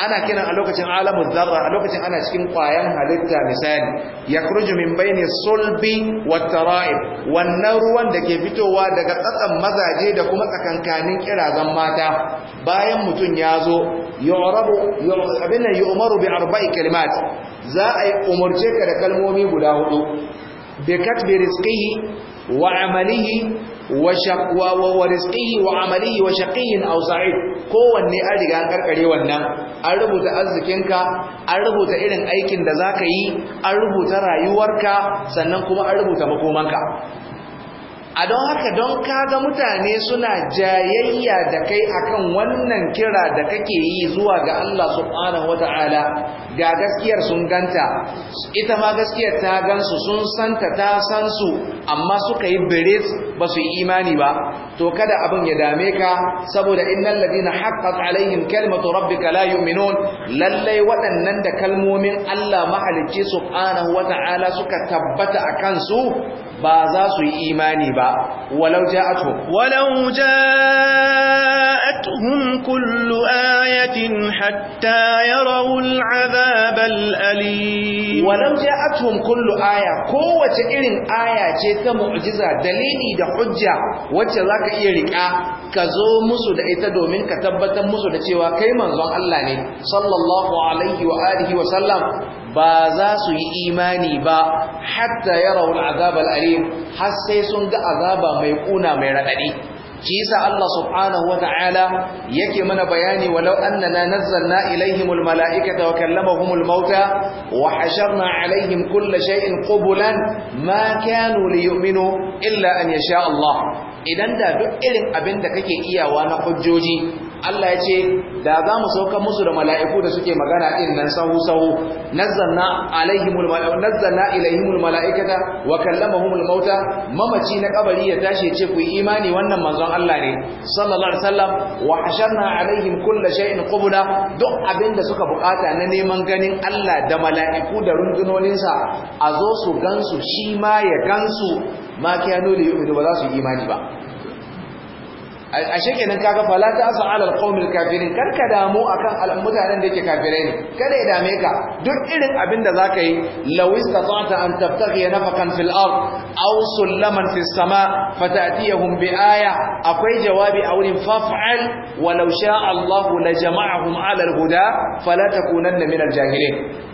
ana kiran a lokacin alamul zarra a lokacin ana cikin kwayan halitta misali ya kurju min bayani sulbi wa tara'ib wannan ruwan da ke fitowa daga tsatsan mazaje da kuma tsakankanin kirazan mata bayan mutum ya zo yu'rabu abin yu'maru bi arba'i kalimat za a yi umurce ka da kalmomi guda hudu bi katbi وعمله amalihi ورزقه وعمله wa او wa wa kowanne an riga an wannan an rubuta arzikinka an rubuta irin aikin da zaka yi an rubuta rayuwarka sannan kuma an rubuta makomanka a don haka don kaga mutane suna jayayya da kai akan wannan kira da kake yi zuwa ga Allah subhanahu wata'ala ga gaskiyar sun ganta ita ma gaskiyar ta gansu sun santa ta san su amma suka yi biris ba su yi imani ba to kada abin ya dame ka saboda innal ladina haqqat alaihim kalimatu rabbika la yu'minun lallai waɗannan da kalmomin Allah mahalicci subhanahu wata'ala suka tabbata akan su ba za su yi imani ba walau ja'atuhum walau ja'atuhum kullu ayatin hatta yarawu al'azab al'alim walau ja'atuhum kullu aya kowace irin aya ce ta mu'jiza dalili da hujja wacce zaka iya rika ka zo musu da ita domin ka tabbatar musu da cewa kai manzon Allah ne sallallahu alaihi wa alihi wa sallam ba za su yi imani ba hatta yarawul azab al har sai sun ga azaba mai kuna mai radadi shi Allah subhanahu wata'ala yake mana bayani walau annana nazzalna ilaihimul malaikata wa kallamahumul mauta wa hasharna alaihim kulla shay'in qublan ma kanu liyu'minu illa an yasha Allah idan da duk irin abin da kake iyawa na hujjoji Allah ya ce da za mu saukar musu da mala'iku da suke magana ɗin nan sahu-sahu nazzanna ilaihimul mala'ikata wa kallamahumul mauta mamaci na kabari ya tashi ce ku yi imani wannan manzon Allah ne sallallahu alaihi wasallam wa hasharna alaihim kulla shay'in qubla duk abinda suka bukata na neman ganin Allah da mala'iku da rundunoninsa a zo su gansu shi ma ya gansu ma kiyano da yu'minu ba za su yi imani ba a kenan kaga fala ta asa alal qaumil kafirin ka damu akan mutanen da yake kafirai ne kada ya dame ka duk irin abin da zaka yi law istata'ta an tabtaghi nafakan fil ard aw sulaman fis sama fatatiyahum bi aya akwai jawabi a wurin faf'al walau sha Allah la jama'ahum ala al huda fala takunanna min al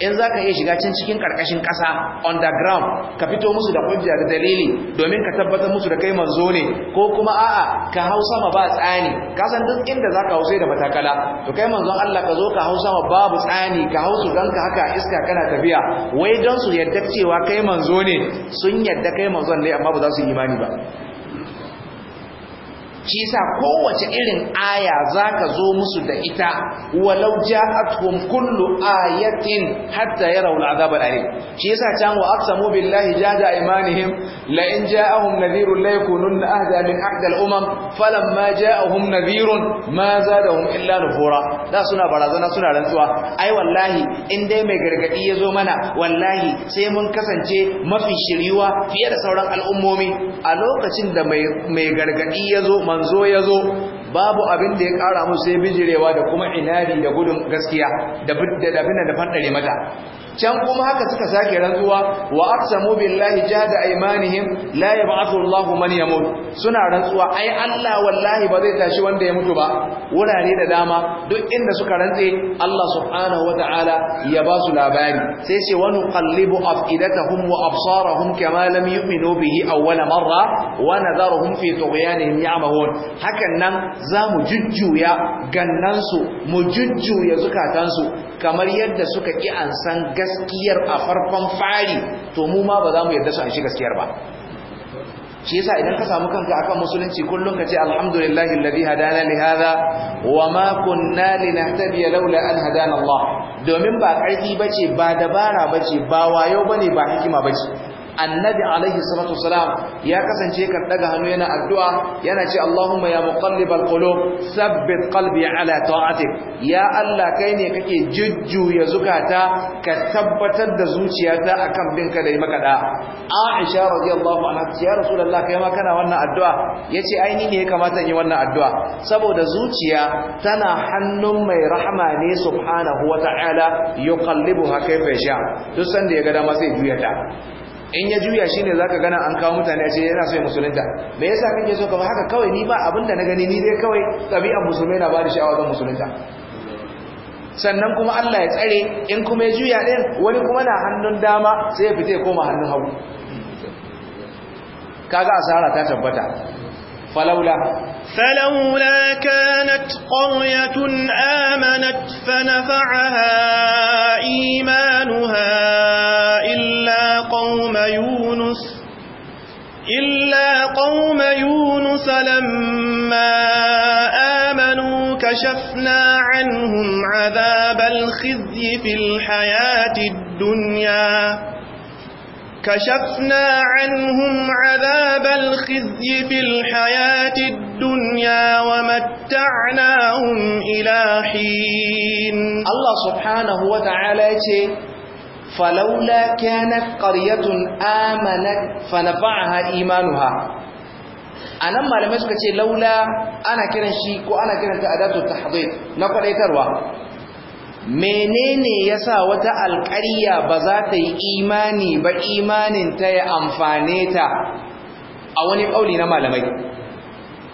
in zaka iya shiga cin cikin karkashin kasa underground ka fito musu da hujja da dalili domin ka tabbatar musu da kai manzo ne ko kuma a'a ka hausa sama ba tsani san duk inda zaka hau sai da matakala to kai manzon Allah ka zo ka hau sama babu tsani ka hau su ganka haka iska kana tafiya wai don su yarda cewa kai manzo ne sun yarda kai manzon ne amma ba za su yi imani ba shi yasa kowace irin aya zaka zo musu da ita walau ja'atuhum kullu ayatin hatta yarawul azab camo alim shi yasa can wa aqsamu billahi jahda aymanihim la in ja'ahum nadhirun la yakununna ahda min ahda umam falamma ja'ahum nadhirun ma zadahum illa nufura da suna barazana suna rantsuwa ai wallahi in dai mai gargadi yazo mana wallahi sai mun kasance mafi shiriwa fiye da sauran al'ummomi a lokacin da mai gargaɗi ya zo manzo ya zo babu abin da ya ƙara musu sai bijirewa da kuma inari da gudun gaskiya da dabin da fadare mata can kuma haka suka sake rantsuwa wa aqsamu billahi jahada aymanihim la yab'athu Allahu man yamut suna rantsuwa ai Allah wallahi ba zai tashi wanda ya mutu ba wurare da dama duk inda suka rantse Allah subhanahu ta'ala ya ba su labari sai ce wa nuqallibu afidatahum wa absarahum kama lam yu'minu bihi awwala marra wa nadharuhum fi tughyanihim ya'mahun hakan nan zamu jujjuya gannansu mu jujjuya zukatansu kamar yadda suka ki an san gaskiyar a farkon fari to mu ma ba za mu yarda su an shi gaskiyar ba shi yasa idan ka samu kanka akan musulunci kullum ka ce alhamdulillahi alladhi hadana li hadha wa ma kunna linahtadiya laula an hadana Allah domin ba karfi bace ba dabara bace ba wayo bane ba hikima bace annabi alaihi salatu wasalam ya kasance kan daga hannu yana addu'a yana ce Allahumma ya muqallibal qulub sabbit qalbi ala ta'atik ya Allah kai ne kake jujjuya zukata ka tabbatar da zuciyata akan bin ka da yi maka da Aisha radiyallahu anha ya rasulullah kai ma kana wannan addu'a yace aini ne ya kamata in yi wannan addu'a saboda zuciya tana hannun mai rahama ne subhanahu wata'ala yuqallibuha kayfa yasha duk sanda ya ga dama sai juyata. in ya juya shine zaka gana an kawo mutane a ce yana so ya musulunta me yasa kake so kamar haka kawai ni ba abinda na gani ni dai kawai tabi'an musulmi na bada sha'awa zan musulunta sannan kuma Allah ya tsare in kuma ya juya din wani kuma na hannun dama sai ya fita ya koma hannun hagu kaga asara ta tabbata فلولا فلولا كانت قرية آمنت فنفعها إيمانها إلا قوم يونس إلا قوم يونس لما آمنوا كشفنا عنهم عذاب الخزي في الحياة الدنيا كشفنا عنهم عذاب الخزي في الحياة الدنيا ومتعناهم إلى حين الله سبحانه وتعالى يقول فلولا كانت قرية آمنت فنفعها إيمانها anan malamai suka ce laula ana kiran shi ko ana kiran ta adatu tahdid na kwadaitarwa menene yasa wata alƙarya ba za ta yi imani ba imanin ta ya amfane ta a wani ƙauli na malamai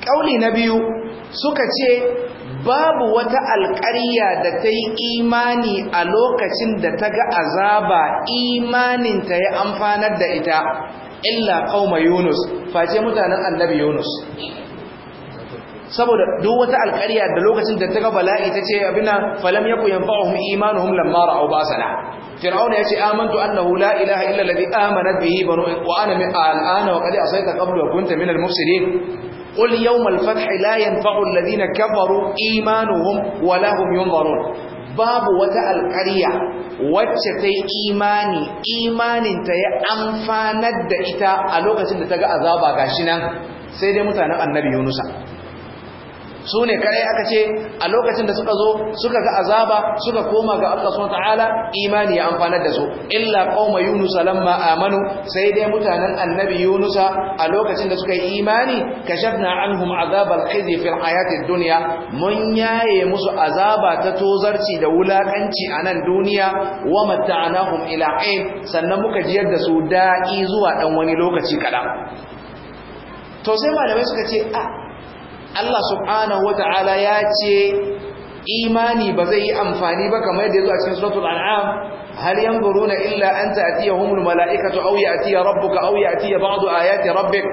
ƙauli na biyu suka ce babu wata alƙarya da ta yi imani a lokacin da ta ga azaba imaninta ya amfanar da ita illa ƙauma yunus face mutanen annabi yunus saboda duk wata alƙarya da lokacin da ta ga bala'i ta ce abina falam yaku yanfa'uhum imanuhum lamma ra'aw basana fir'auna yace amantu annahu la ilaha illa alladhi amanat bihi banu wa ana min al'ana wa qad asayta qablu wa kunta min al-mufsidin قل يوم الفتح لا ينفع الذين كفروا إيمانهم ولا هم ينظرون باب وتا القرية وتتي إيماني إيمان تي أنفاند إتا ألوغة تتقى أذابا كاشنا سيدي متانا النبي يونس su ne kare aka ce a lokacin da suka zo suka ga azaba suka koma ga Allah subhanahu ta'ala imani ya amfana da su illa qauma yunus lamma amanu sai dai mutanen annabi yunus a lokacin da suka yi imani kashafna anhum azabal khizi fil hayatid dunya mun yaye musu azaba ta tozarci da wulakanci a nan duniya wa matta'nahum ila ayn sannan muka jiyar da su da'i zuwa dan wani lokaci kadan to sai malamai suka ce a ah, Allah subhanahu wata'ala ya ce imani ba zai yi amfani ba kamar da yazo a cikin suratul an'am hal yanzuruna illa an ta'tiyahumul mala'ikatu aw ya'tiya rabbuka aw ya'tiya ba'du ayati rabbik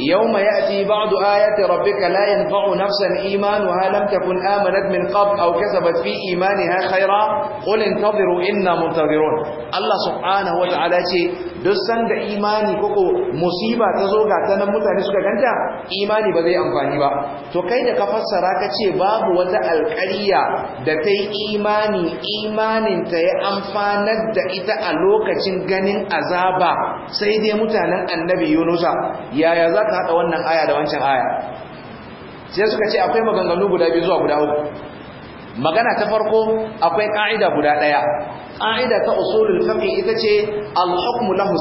yawma ya'ti ba'du ayati rabbika la yanfa'u nafsan imanuha lam takun amanat min qabl aw kasabat fi imaniha khayra qul intadhiru inna muntadhirun Allah subhanahu wata'ala ce duk sanda imani koko musiba ta zo ga ta nan mutane suka ganta imani ba zai amfani ba to kai da ka fassara ka ce babu wata alƙariya da ta yi imani imanin ta yi amfanar da ita a lokacin ganin azaba sai dai mutanen annabi yunusa yaya za ka haɗa wannan aya da wancan aya sai suka ce akwai maganganu guda biyu zuwa guda uku magana ta farko akwai ƙa'ida guda ɗaya ƙa'ida ta usulul fiqh ita ce al hukm lahu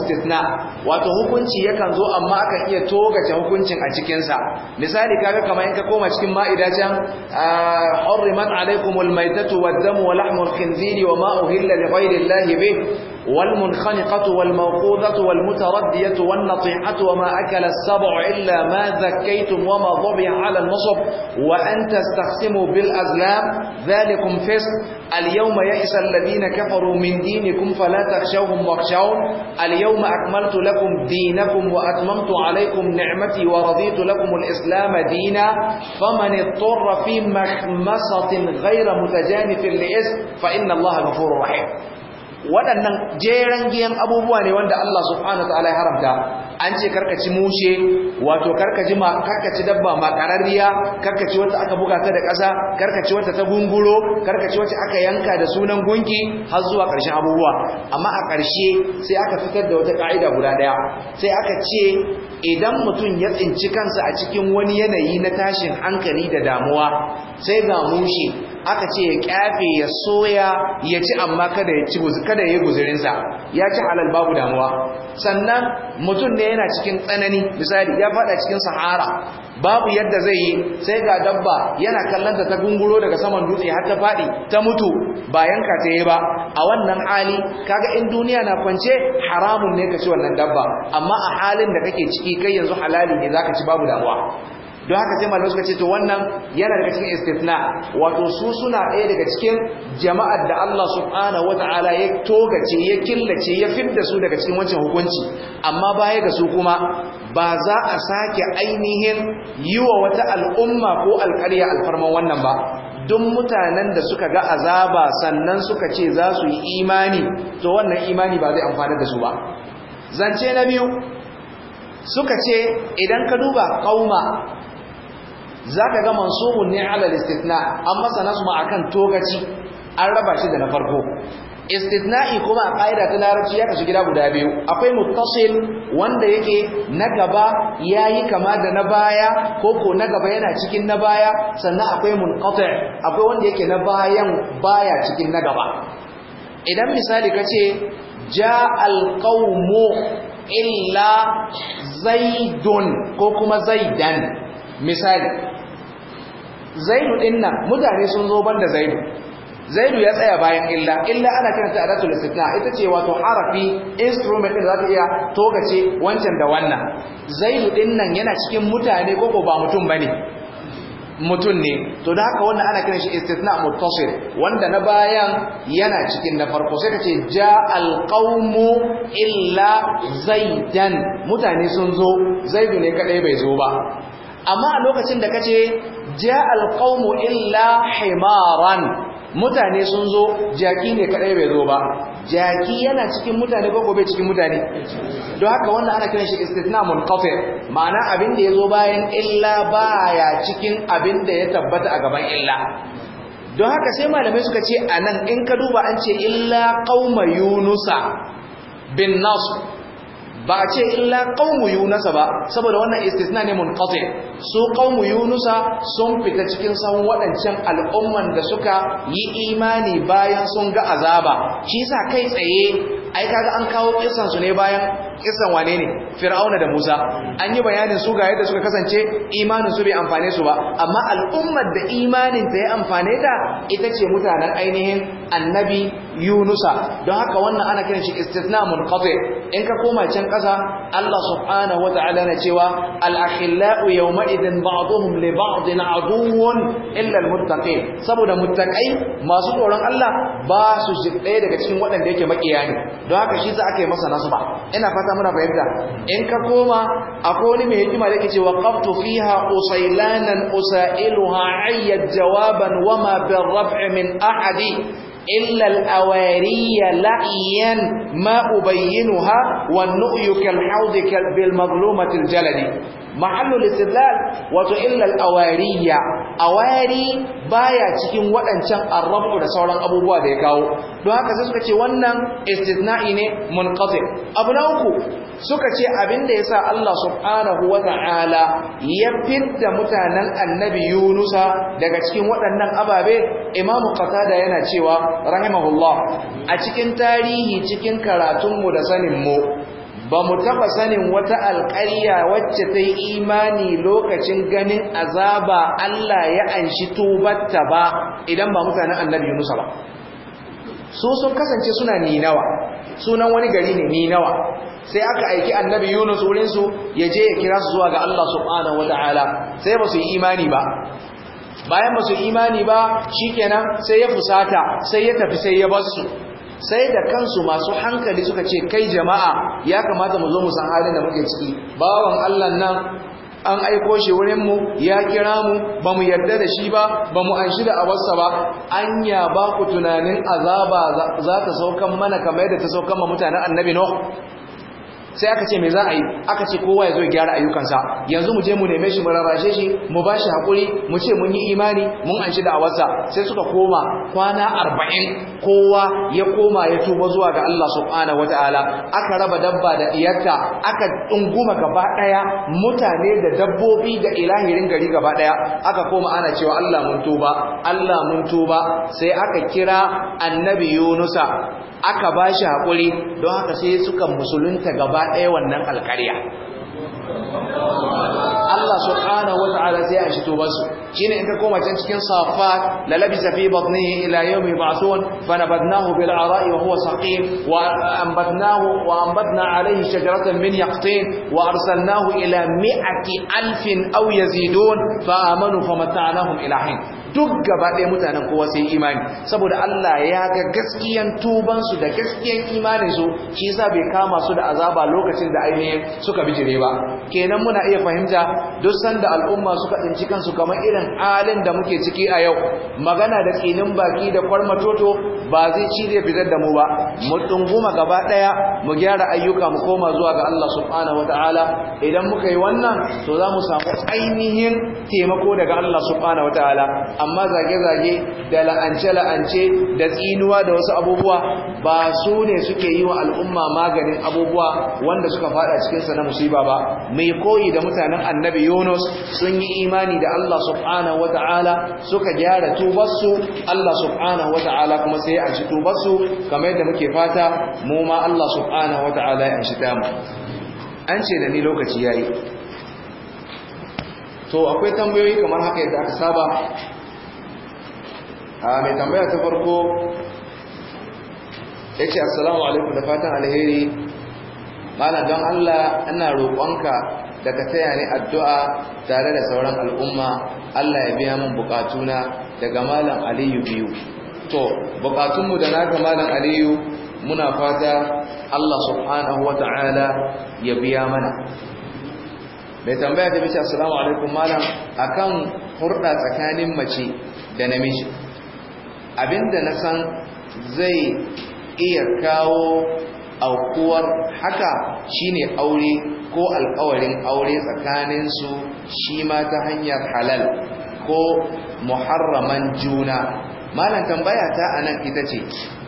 wato hukunci yakan zo amma akan iya toga ta hukuncin a cikin sa misali kaga kamar in ka koma cikin ma'ida can harimat ah, alaykumul maytatu wad-damu wa lahmul khinziri wa ma uhilla li ghayrillahi bih wal munkhaniqatu wal mawqudatu wal mutaraddiyatu wan natihatu wa ma akala illa ma zakkaytum wa ma dhubiha 'ala an-nusab wa anta tastaqsimu bil azlam dhalikum fisq al yawma ya'isa alladhina kafaru من دينكم فلا تخشوهم واخشون اليوم أكملت لكم دينكم وأتممت عليكم نعمتي ورضيت لكم الإسلام دينا فمن اضطر في مخمصة غير متجانف لإسم فإن الله غفور رحيم waɗannan jeran giyan abubuwa ne wanda Allah subhanahu wa ta'ala ya haramta an ce karkaci mushe wato karkaci ma karkaci dabba ma kararriya karkaci wata aka buga ta da ƙasa karkaci wata ta gunguro karkaci wata aka yanka da sunan gunki har zuwa ƙarshen abubuwa amma a ƙarshe sai aka fitar da wata ƙa'ida guda ɗaya sai aka ce idan mutum ya tsinci kansa a cikin wani yanayi na tashin hankali da damuwa sai ga mushe aka ce ya kyafe ya soya ya ci amma kada ya ci kada ya guzurinsa ya ci halal babu damuwa sannan mutum ne yana cikin tsanani misali ya fada cikin sahara babu yadda zai yi sai ga dabba yana kallon ta gunguro daga saman dutse har ta fadi ta mutu ba yanka ta yi ba a wannan hali kaga in duniya na kwance haramun ne ka ci wannan dabba amma a halin da kake ciki kai yanzu halali ne zaka ci babu damuwa don haka sai malamai suka ce to wannan yana daga cikin istithna wato su suna ɗaya daga cikin jama'ar da Allah subhanahu wata'ala ya togace ya killace ya fidda su daga cikin wancan hukunci amma baya ga su kuma ba za a sake ainihin yi wa wata al'umma ko alƙarya alfarman wannan ba duk mutanen da suka ga azaba sannan suka ce za su yi imani to wannan imani ba zai amfana da su ba zance na biyu suka ce idan ka duba kauma Za ka ga mansubun ne ala an masa a akan togaci an raba shi da na farko istitna'i kuma a ƙa'ida ta larabci ya kasu gida guda biyu akwai muttasil wanda yake na gaba ya yi kama da na baya ko ko na gaba yana cikin na baya sannan akwai munqati akwai wanda yake na bayan baya cikin na gaba idan misali kace ja qaumu illa zaidun ko kuma zaidan misali zaidu din nan mutane sun zo banda zaidu zaidu ya tsaya bayan illa illa ana ta adatul istisna ita ce wato harafi instrument din da zaka iya tokace wancan da wannan zaidu din nan yana cikin mutane ko ko ba mutum bane mutum ne to da haka wannan ana kiran shi istithna muttasil wanda na bayan yana cikin na farko sai kace ja'al qaumu illa zaidan mutane sun zo zaidu ne kadai bai zo ba amma a lokacin da kace ja alqaumu illa himaran mutane sun zo jaki ne kadai bai zo ba jaki yana cikin mutane ko bai cikin mutane don haka wannan ana kiran shi istithna munqati ma'ana abin da zo bayan illa baya cikin abin da ya tabbata a gaban illa don haka sai malamai suka ce a nan in ka duba an ce illa qauma yunusa bin nasr ba a ce illa qaumu yunusa ba saboda wannan istisna ne munqati su qaumu yunusa sun fita cikin sahun waɗancan al'umman da suka yi imani bayan sun ga azaba shi sa kai tsaye ai kaga an kawo kisan su ne bayan kisan wane ne fir'auna da musa an yi bayanin su ga yadda suka kasance imanin su bai amfane su ba amma al'ummar da imanin ta ya amfane ta ita ce mutanen ainihin annabi yunusa don haka wannan ana kiran shi istithna munqati in ka koma can kasa Allah subhanahu wata'ala na cewa al-akhillau yawma idin ba'dhum li ba'din aduwwun illa al-muttaqin saboda muttaqai masu tsoron Allah ba su shi daga cikin waɗanda yake makiya ne don haka shi za aka yi masa nasaba ina fata fata muna in ka koma akwai wani mai hikima da yake ce waqaftu fiha usailanan usailuha ayyad jawaban wama rab'i min ahadi illa al’awariya la’iyyan ma’ubayyinu ha wa nu’ayyukan haudika bil mazlumatin jalari. Mahallul Isidlal wato illa awariya, awari baya cikin waɗancan arrafu da sauran abubuwa da ya kawo. Don haka sai suka ce wannan istisna'i ne mun ƙafe. Abu uku suka ce abin da ya sa Allah subhanahu wa ta’ala ya fidda mutanen annabi Yunusa daga cikin waɗannan ababe, Imam Qatada yana cewa rahimahullah a cikin tarihi cikin karatunmu da saninmu ba mu taɓa sanin wata alƙarya wacce ta yi imani lokacin ganin azaba Allah ya anshi tubatta ba idan ba mutanen annabi Yunus ba su sun kasance suna ninawa sunan wani gari ne ninawa sai aka aiki annabi Yunus wurinsu ya je ya kira su zuwa ga Allah subhanahu wataala sai ba su yi imani ba bayan ba su imani ba shi kenan sai ya fusata sai ya tafi sai ya bar sai da kansu masu hankali suka ce kai jama'a ya kamata mu zo mu san halin da muke ciki bawan Allah nan an aiko shi wurin mu ya kira mu ba mu yarda da shi ba ba mu anshi da abarsa ba anya ba ku tunanin azaba za ta saukan mana kamar yadda ta saukan mutanen annabi no sai aka ce me za a yi aka ce kowa ya zo gyara ayyukansa yanzu mu je mu neme shi mu rarrashe shi mu ba shi haƙuri mu ce mun yi imani mun anshi da'awarsa sai suka koma kwana arba'in kowa ya koma ya tuba zuwa ga Allah subhanahu wataala aka raba dabba da iyarta aka ɗunguma gaba ɗaya mutane da dabbobi da ilahirin gari gaba ɗaya aka koma ana cewa Allah mun tuba Allah mun tuba sai aka kira annabi Yunusa aka ba shi haƙuri don haka sai suka musulunta gaba ɗaya wannan alƙarya Allah subhanahu wata'ala sai ya shi to basu shine in ka koma can cikin safat la labisa fi batnihi ila yawmi ba'thun fanabadnahu bil ara'i wa huwa saqim wa anbatnahu wa anbatna alayhi shajaratan min yaqtin wa arsalnahu ila mi'ati alfin aw yazidun fa amanu famata'nahum ila hin duk gaba ɗaya mutanen kowa sai imani saboda Allah ya ga gaskiyan tubansu da gaskiyan imaninsu shi yasa bai kama su da azaba lokacin da ainihin suka bijire ba kenan muna iya fahimta duk sanda al'umma suka tsinci kansu kamar irin alin da muke ciki a yau magana da tsinin baki da kwarmatoto ba zai ci zai fitar da mu ba mu dunguma gaba daya mu gyara ayyuka mu koma zuwa ga Allah subhanahu wataala idan muka yi wannan to za mu samu ainihin taimako daga Allah subhanahu wataala amma zage zage da la'ance la'ance da tsinuwa da wasu abubuwa ba su ne suke yi wa al'umma maganin abubuwa wanda suka fada cikin sa na musiba ba mai koyi da mutanen annabi annabi Yunus sun yi imani da Allah subhanahu wata'ala suka gyara tubarsu Allah subhanahu wata'ala kuma sai ya anshi tubarsu kamar yadda muke fata mu ma Allah subhanahu wata'ala ya anshi mu an ce da ni lokaci yayi to akwai tambayoyi kamar haka yadda aka saba a mai tambaya ta farko ya ce assalamu alaikum da fatan alheri mana don Allah ana roƙonka da ka taya ni addu'a tare da sauran al'umma Allah ya biya min bukatuna daga malam Aliyu biyu to bukatunmu da naka malam Aliyu muna fata Allah subhanahu ta'ala ya biya mana mai tambaya ta bice salamu alaikum malam akan hurɗa tsakanin mace da namiji abinda na san zai iya kawo aukuwar haka shine aure ko alƙawarin aure tsakaninsu shi ma ta hanyar halal ko muharraman juna malam tambaya ta anan ita ce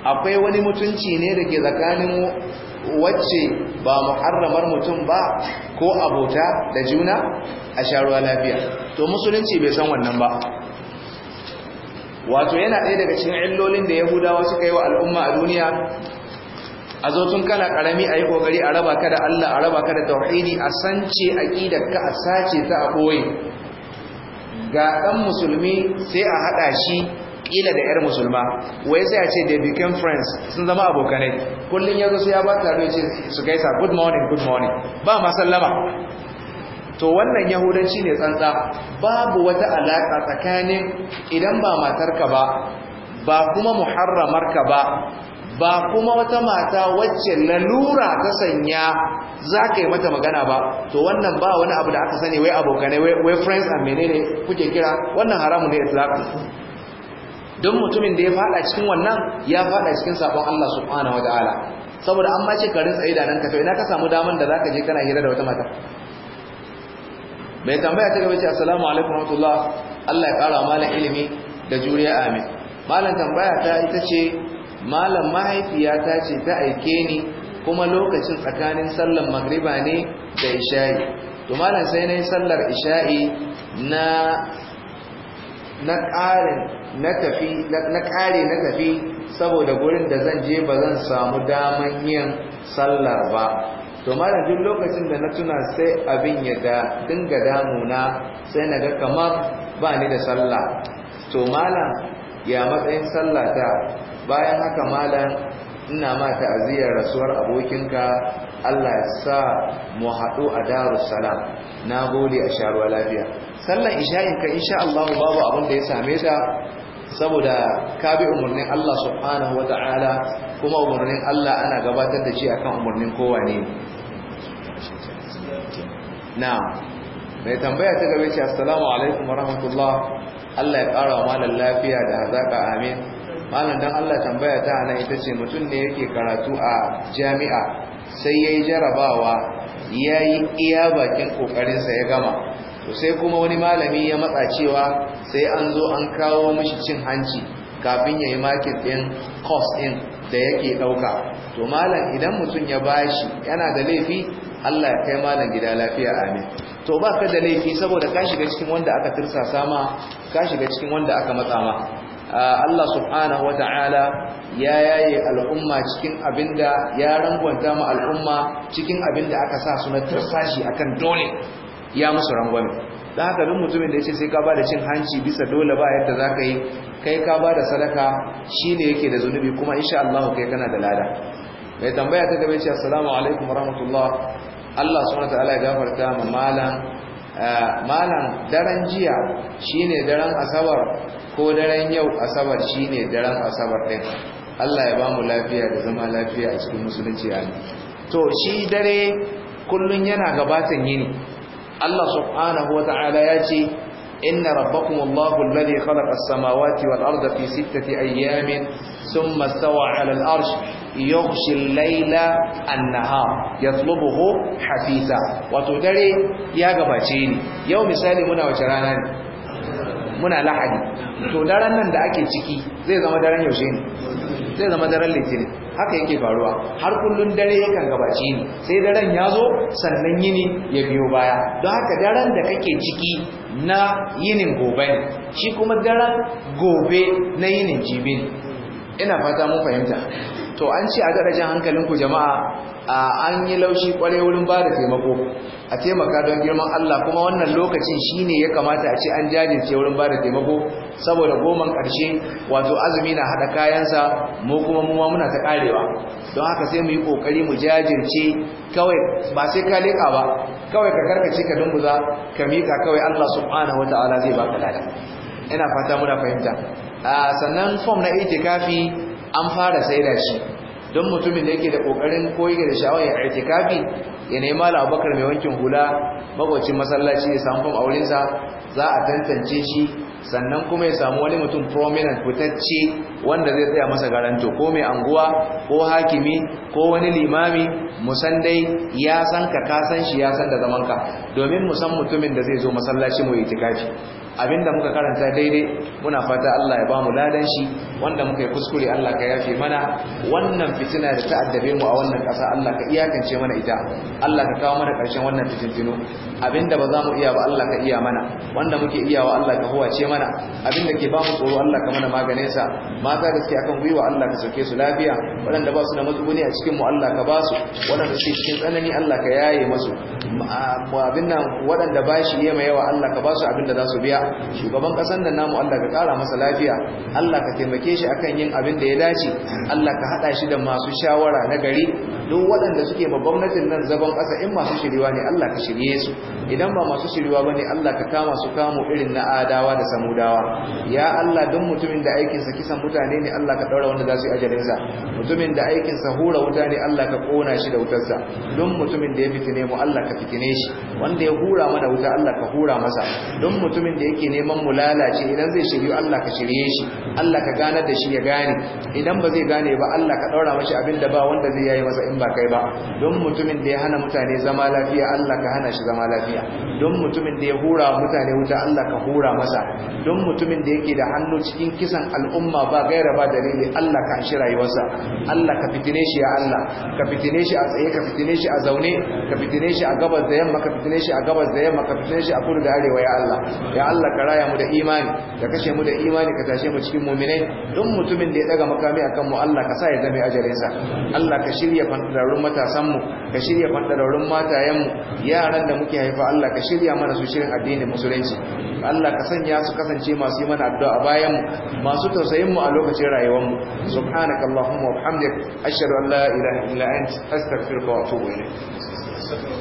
akwai wani mutunci ne da ke tsakanin wacce ba muharramar mutum ba ko abota da juna a sharuwa lafiya to musulunci bai san wannan ba wato yana ɗaya daga cikin illolin da yahudawa suka yi wa al'umma a duniya a zo tun kana karami a yi kogari a raba ka da Allah a raba ka da tauhidi a sance a ka a sace ta a boye ga ɗan musulmi sai a haɗa shi ƙila da yar musulma wai sai a ce they became friends sun zama abokanai ya yazo sai ya ba ta da ce su gaisa good morning good morning ba ma sallama to wannan yahudanci ne tsantsa babu wata alaƙa tsakanin idan ba matarka ba ba kuma muharramarka ba ba kuma wata mata wacce lalura ta sanya za ka yi mata magana ba to wannan ba wani abu da aka sani wai abokanai wai friends and menene kuke kira wannan haramun ne itlaqi don mutumin da ya fada cikin wannan ya fada cikin sabon Allah subhanahu Ta'ala. saboda an mace ce karin tsaye da nan ka ina ka samu daman da za ka je kana hira da wata mata mai tambaya ta gaba ce assalamu alaikum rahmatullah Allah ya kara malam ilimi da juriya amin malam tambaya ta ita ce malam mahaifiyata ce ta aike ni kuma lokacin tsakanin sallar magriba ne da isha'i to malam sai na yi sallar isha'i na na na tafi na ƙare na tafi saboda gurin da zan je ba zan samu daman yin sallar ba to malam duk lokacin da na tuna sai abin ya da dinga damuna sai na ga kamar ba ni da sallah to malam ya matsayin ta bayan haka malam ina ma ta'aziyar rasuwar abokinka Allah ya sa mu haɗu a Darussalam na gode a sharuwa lafiya sallan isha'in ka insha Allah babu abin da ya same ta saboda ka bi umarnin Allah subhanahu wa ta'ala kuma umarnin Allah ana gabatar da shi akan umarnin kowa ne na mai tambaya ta gabe ce assalamu alaikum wa rahmatullah Allah ya ƙara wa malam lafiya da hazaka amin malam dan Allah tambaya ta ana ita ce mutum ne yake karatu a jami'a sai yayi jarabawa yayi iya bakin kokarin sa ya gama to sai kuma wani malami ya matsa cewa sai an zo an kawo mishi cin hanci kafin yayi market din course din da yake dauka to malam idan mutum ya bashi yana da laifi Allah ya kai malam gida lafiya amin to ba da laifi saboda ka shiga cikin wanda aka tirsasa sama ka shiga cikin wanda aka matsa ma Ah, Allah subhanahu ta'ala ya yaye al'umma cikin abinda ya rangwanta ma al'umma cikin abinda aka sa su na tirsashi akan dole ya musu rangwame dan haka duk mutumin da yace sai ka ba cin hanci bisa dole ba yadda zaka yi kai ka ba da sadaka shine yake da zunubi kuma insha Allah kai kana da lada mai tambaya ta gaba ce assalamu alaikum warahmatullahi Allah subhanahu ta'ala ya gafarta ma malam malam daren jiya shine daren asabar ko daren yau asabar shine daren asabar ɗin Allah ya ba mu lafiya da zama lafiya a cikin musulunci a to shi dare kullum yana gabatan yini Allah subhanahu ta'ala ya ce إن ربكم الله الذي خلق السماوات والأرض في ستة أيام ثم استوى على الأرش يغشي الليل النهار يطلبه حفيثا وتدري يا غباشيني يوم مثالي منا وشراناني muna lahadi to daren nan da ake ciki zai zama daren yaushe ne zai zama daren litinin haka yake faruwa har kullun dare yakan gabaci ni sai daren ya zo sannan yini ya biyo baya don haka daren da kake ciki na yinin gobe ne shi kuma daren gobe na yinin jibi ne ina fata mun fahimta to an ce a darajan hankalinku jama'a an yi laushi kware wurin ba da taimako a taimaka don girman Allah kuma wannan lokacin ne ya kamata a ce an jajirce wurin ba da taimako saboda goman ƙarshe wato azumi na haɗa kayansa mu kuma mu muna ta ƙarewa don haka sai mu yi ƙoƙari mu jajirce kawai ba sai ka leƙa ba kawai ka karkace ka dumbuza ka miƙa kawai Allah subhanahu wataala zai baka lada ina fata muna fahimta sannan fom na itikafi an fara saida shi don mutumin da yake da kokarin koyi da sha'awar ya kafi, ya nema malam abubakar mai wankin hula magwacin masallaci ya samu fam auren za a tantance shi sannan kuma ya samu wani mutum prominent fitacce wanda zai tsaya masa garanto ko mai anguwa ko hakimi ko wani limami musandai ya san ka ka san shi ya san da zamanka, ka domin musan mutumin da zai zo masallaci mu itikafi abinda muka karanta daidai muna fata Allah ya bamu ladan shi wanda muka yi kuskure Allah ka yafe mana wannan fitina da ta addabe mu a wannan ƙasa Allah ka iyakance mana ita Allah ka kawo mana ƙarshen wannan fitintino abinda ba za mu iya ba Allah ka iya mana wanda muke iya wa Allah ka huwace mana abinda ke bamu tsoro Allah ka mana maganin sa mata da suke akan gwiwa Allah ka sauke su lafiya waɗanda ba su da matsuguni a cikin mu Allah ka ba su waɗanda suke cikin tsanani Allah ka yaye masu abin nan waɗanda ba shi yema yawa Allah ka ba su abinda za su biya shugaban ƙasar da namu Allah ka ƙara masa lafiya Allah ka taimake shi akan yin abin da ya dace Allah ka haɗa shi da masu shawara na gari duk waɗanda suke ma gwamnatin nan zagon ƙasa in masu shiriwa ne Allah ka shirye su idan ba masu shiriwa ba ne Allah ka kama su kamo irin na adawa da samudawa ya Allah duk mutumin da aikinsa kisan mutane ne Allah ka ɗaura wanda za su yi ajalinsa mutumin da aikinsa hura wuta ne Allah ka ƙona shi da wutarsa duk mutumin da ya fitine mu Allah ka fitine shi wanda ya hura mana wuta Allah ka hura masa duk mutumin da yake neman mu lalace idan zai shiryu Allah ka shirye shi Allah ka ganar da shi ya gane idan ba zai gane ba Allah ka daura mashi abin da ba wanda zai yayi masa in ba kai ba don mutumin da ya hana mutane zama lafiya Allah ka hana shi zama lafiya don mutumin da ya hura mutane wuta Allah ka hura masa don mutumin da yake da hannu cikin kisan al'umma ba gaira ba dalili Allah ka shi rayuwarsa Allah ka fitine shi ya Allah ka fitine shi a tsaye ka fitine shi a zaune ka fitine shi a gabas da yamma ka fitine shi a gabas da yamma ka fitine shi a kudu da arewa ya Allah ya Allah ka raya mu da imani ka kashe mu da imani ka tashe mu cikin cikin mu'minai don mutumin da ya daga makami akan mu Allah ka sa ya zame ajarinsa Allah ka shirya fandararrun matasan ka shirya fandararrun matayen mu yaran da muke haifa Allah ka shirya mana su shirin addinin musulunci Allah ka sanya su kasance masu yi mana addu'a bayan mu masu tausayin mu a lokacin rayuwar mu subhanaka allahumma wa